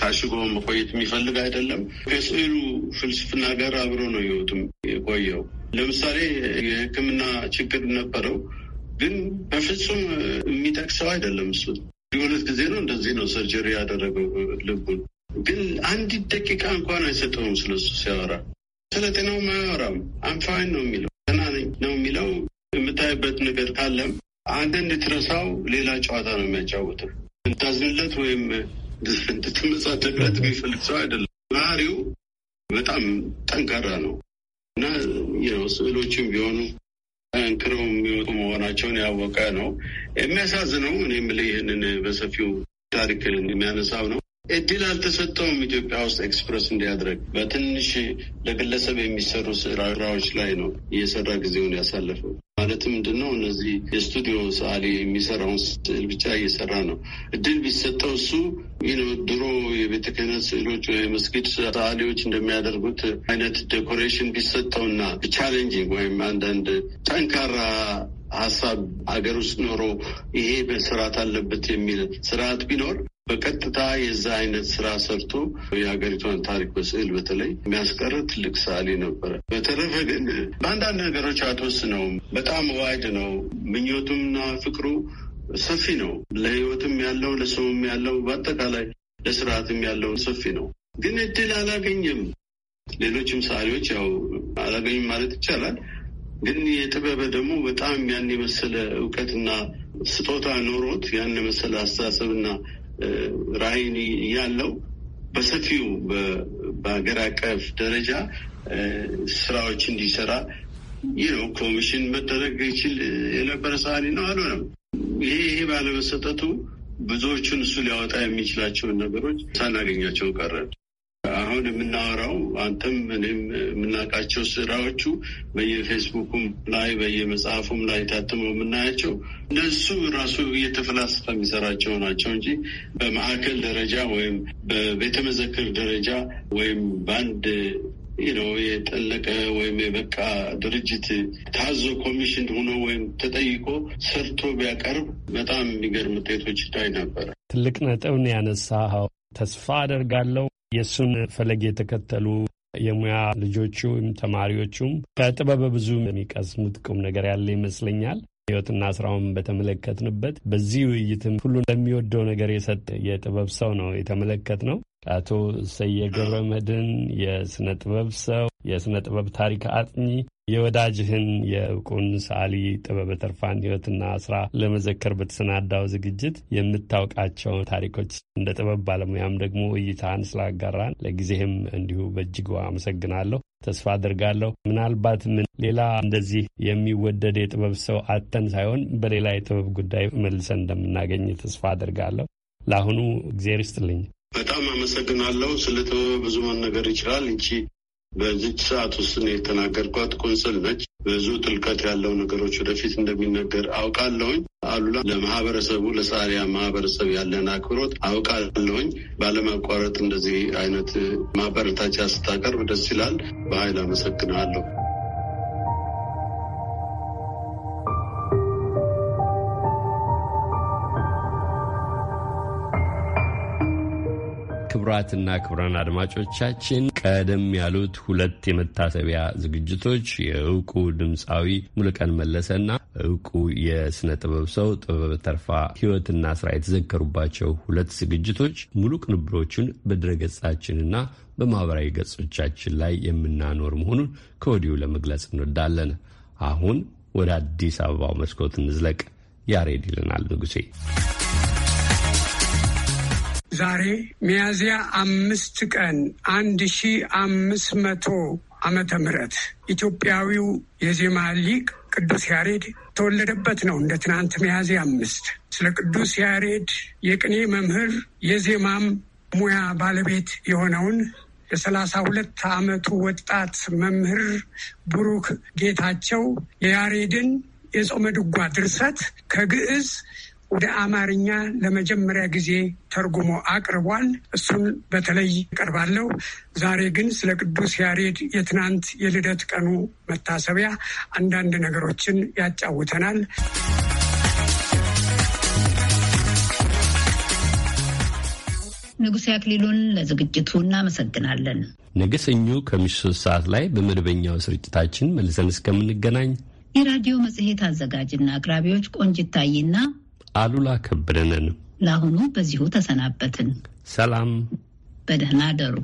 ታሽጎ መቆየት የሚፈልግ አይደለም። ከስዕሉ ፍልስፍና ጋር አብሮ ነው ህይወቱም የቆየው። ለምሳሌ የህክምና ችግር ነበረው፣ ግን በፍጹም የሚጠቅሰው አይደለም። እሱ ሁለት ጊዜ ነው እንደዚህ ነው ሰርጀሪ ያደረገው ልቡን፣ ግን አንዲት ደቂቃ እንኳን አይሰጠውም። ስለሱ ሲያወራ ስለ ጤናውም አያወራም። አንፋይን ነው የሚለው ደህና ነኝ ነው የምታይበት ነገር ካለም አንተ እንድትረሳው ሌላ ጨዋታ ነው የሚያጫወተው። እንታዝንለት ወይም እንድትመጻደቅለት የሚፈልግ ሰው አይደለም። ባህሪው በጣም ጠንካራ ነው እና ስዕሎችም ቢሆኑ ጠንክረው የሚወጡ መሆናቸውን ያወቀ ነው። የሚያሳዝነው እኔም ይህንን በሰፊው ታሪክ የሚያነሳው ነው እድል አልተሰጠውም። ኢትዮጵያ ውስጥ ኤክስፕረስ እንዲያደርግ በትንሽ ለግለሰብ የሚሰሩ ስራዎች ላይ ነው እየሰራ ጊዜውን ያሳለፈው። ማለትም ምንድን ነው እነዚህ የስቱዲዮ ሰዓሊ የሚሰራውን ስዕል ብቻ እየሰራ ነው። እድል ቢሰጠው እሱ ድሮ የቤተ ክህነት ስዕሎች ወይ መስጊድ ሰዓሊዎች እንደሚያደርጉት አይነት ዴኮሬሽን ቢሰጠውና ቻሌንጂንግ ወይም አንዳንድ ጠንካራ ሀሳብ ሀገር ውስጥ ኖሮ ይሄ በስርዓት አለበት የሚል ስርዓት ቢኖር በቀጥታ የዛ አይነት ስራ ሰርቶ የሀገሪቷን ታሪክ በስዕል በተለይ የሚያስቀር ትልቅ ሰዓሊ ነበረ። በተረፈ ግን በአንዳንድ ነገሮች አትወስነውም። በጣም ዋይድ ነው ምኞቱምና ፍቅሩ ሰፊ ነው። ለህይወትም ያለው ለሰውም ያለው በአጠቃላይ ለስርዓትም ያለው ሰፊ ነው። ግን እድል አላገኘም። ሌሎችም ሰዓሊዎች ያው አላገኝም ማለት ይቻላል። ግን የጥበበ ደግሞ በጣም ያን የመሰለ እውቀትና ስጦታ ኖሮት ያን የመሰለ አስተሳሰብና ራዕይ ያለው በሰፊው በሀገር አቀፍ ደረጃ ስራዎች እንዲሰራ ይህ ኮሚሽን መደረግ ይችል የነበረ ሰዓሊ ነው አሉ ነው። ይሄ ይሄ ባለመሰጠቱ ብዙዎቹን እሱ ሊያወጣ የሚችላቸውን ነገሮች ሳናገኛቸው ቀረን። አሁን የምናወራው አንተም እኔም የምናውቃቸው ስራዎቹ በየፌስቡኩም ላይ በየመጽሐፉም ላይ ታትመው የምናያቸው እነሱ ራሱ እየተፈላሰፈ የሚሰራቸው ናቸው እንጂ በማዕከል ደረጃ ወይም በቤተመዘክር ደረጃ ወይም በአንድ ነው የጠለቀ ወይም የበቃ ድርጅት ታዞ ኮሚሽን ሆኖ ወይም ተጠይቆ ሰርቶ ቢያቀርብ በጣም የሚገርም ውጤቶች ላይ ነበረ። ትልቅ ነጥብ ነው ያነሳኸው። ተስፋ አደርጋለሁ የእሱን ፈለግ የተከተሉ የሙያ ልጆቹ ተማሪዎቹም ከጥበበ ብዙ የሚቀስሙት ቁም ነገር ያለ ይመስለኛል። ህይወትና ስራውን በተመለከትንበት በዚህ ውይይትም ሁሉ ለሚወደው ነገር የሰጠ የጥበብ ሰው ነው የተመለከት ነው። አቶ ሰየ ገብረ የስነ ጥበብ ሰው፣ የስነ ጥበብ ታሪክ አጥኚ፣ የወዳጅህን የእውቁን ሰዓሊ ጥበበ ተርፋን ህይወትና ስራ ለመዘከር በተሰናዳው ዝግጅት የምታውቃቸውን ታሪኮች እንደ ጥበብ ባለሙያም ደግሞ ውይይታን ስላጋራን ለጊዜህም እንዲሁ በእጅጉ አመሰግናለሁ። ተስፋ አድርጋለሁ። ምናልባት ምን ሌላ እንደዚህ የሚወደድ የጥበብ ሰው አተን ሳይሆን በሌላ የጥበብ ጉዳይ መልሰን እንደምናገኝ ተስፋ አድርጋለሁ። ለአሁኑ እግዜር ይስጥልኝ። በጣም አመሰግናለሁ። ስለ ጥበብ ብዙ መነገር ይችላል። እንጂ በዚች ሰዓት ውስጥ ነው የተናገርኳት። ቆንስል ነች። ብዙ ጥልቀት ያለው ነገሮች ወደፊት እንደሚነገር አውቃለሁኝ። አሉላ ለማህበረሰቡ ለሳሪያ ማህበረሰብ ያለን አክብሮት አውቃለሁኝ። ባለማቋረጥ እንደዚህ አይነት ማበረታቻ ስታቀርብ ደስ ይላል። በኃይል አመሰግናለሁ። ክቡራትና ክቡራን አድማጮቻችን ቀደም ያሉት ሁለት የመታሰቢያ ዝግጅቶች የእውቁ ድምፃዊ ሙሉቀን መለሰና እውቁ የሥነ ጥበብ ሰው ጥበብ ተርፋ ሕይወትና ስራ የተዘከሩባቸው ሁለት ዝግጅቶች ሙሉ ቅንብሮቹን በድረገጻችንና በማኅበራዊ ገጾቻችን ላይ የምናኖር መሆኑን ከወዲሁ ለመግለጽ እንወዳለን። አሁን ወደ አዲስ አበባው መስኮት እንዝለቅ። ያሬድ ይልናል ንጉሴ ዛሬ ሚያዝያ አምስት ቀን አንድ ሺ አምስት መቶ ዓመተ ምህረት ኢትዮጵያዊው የዜማ ሊቅ ቅዱስ ያሬድ ተወለደበት ነው። እንደ ትናንት ሚያዝያ አምስት ስለ ቅዱስ ያሬድ የቅኔ መምህር የዜማም ሙያ ባለቤት የሆነውን የሰላሳ ሁለት ዓመቱ ወጣት መምህር ብሩክ ጌታቸው የያሬድን የጾመ ድጓ ድርሰት ከግዕዝ ወደ አማርኛ ለመጀመሪያ ጊዜ ተርጉሞ አቅርቧል። እሱን በተለይ ቀርባለሁ። ዛሬ ግን ስለ ቅዱስ ያሬድ የትናንት የልደት ቀኑ መታሰቢያ አንዳንድ ነገሮችን ያጫውተናል። ንጉሴ አክሊሉን ለዝግጅቱ እናመሰግናለን። ነገ ሰኞ ከምሽቱ ሶስት ሰዓት ላይ በመደበኛው ስርጭታችን መልሰን እስከምንገናኝ የራዲዮ መጽሔት አዘጋጅና አቅራቢዎች ቆንጅት ታይና አሉላ ከበደንን። ለአሁኑ በዚሁ ተሰናበትን። ሰላም፣ በደህና አደሩ።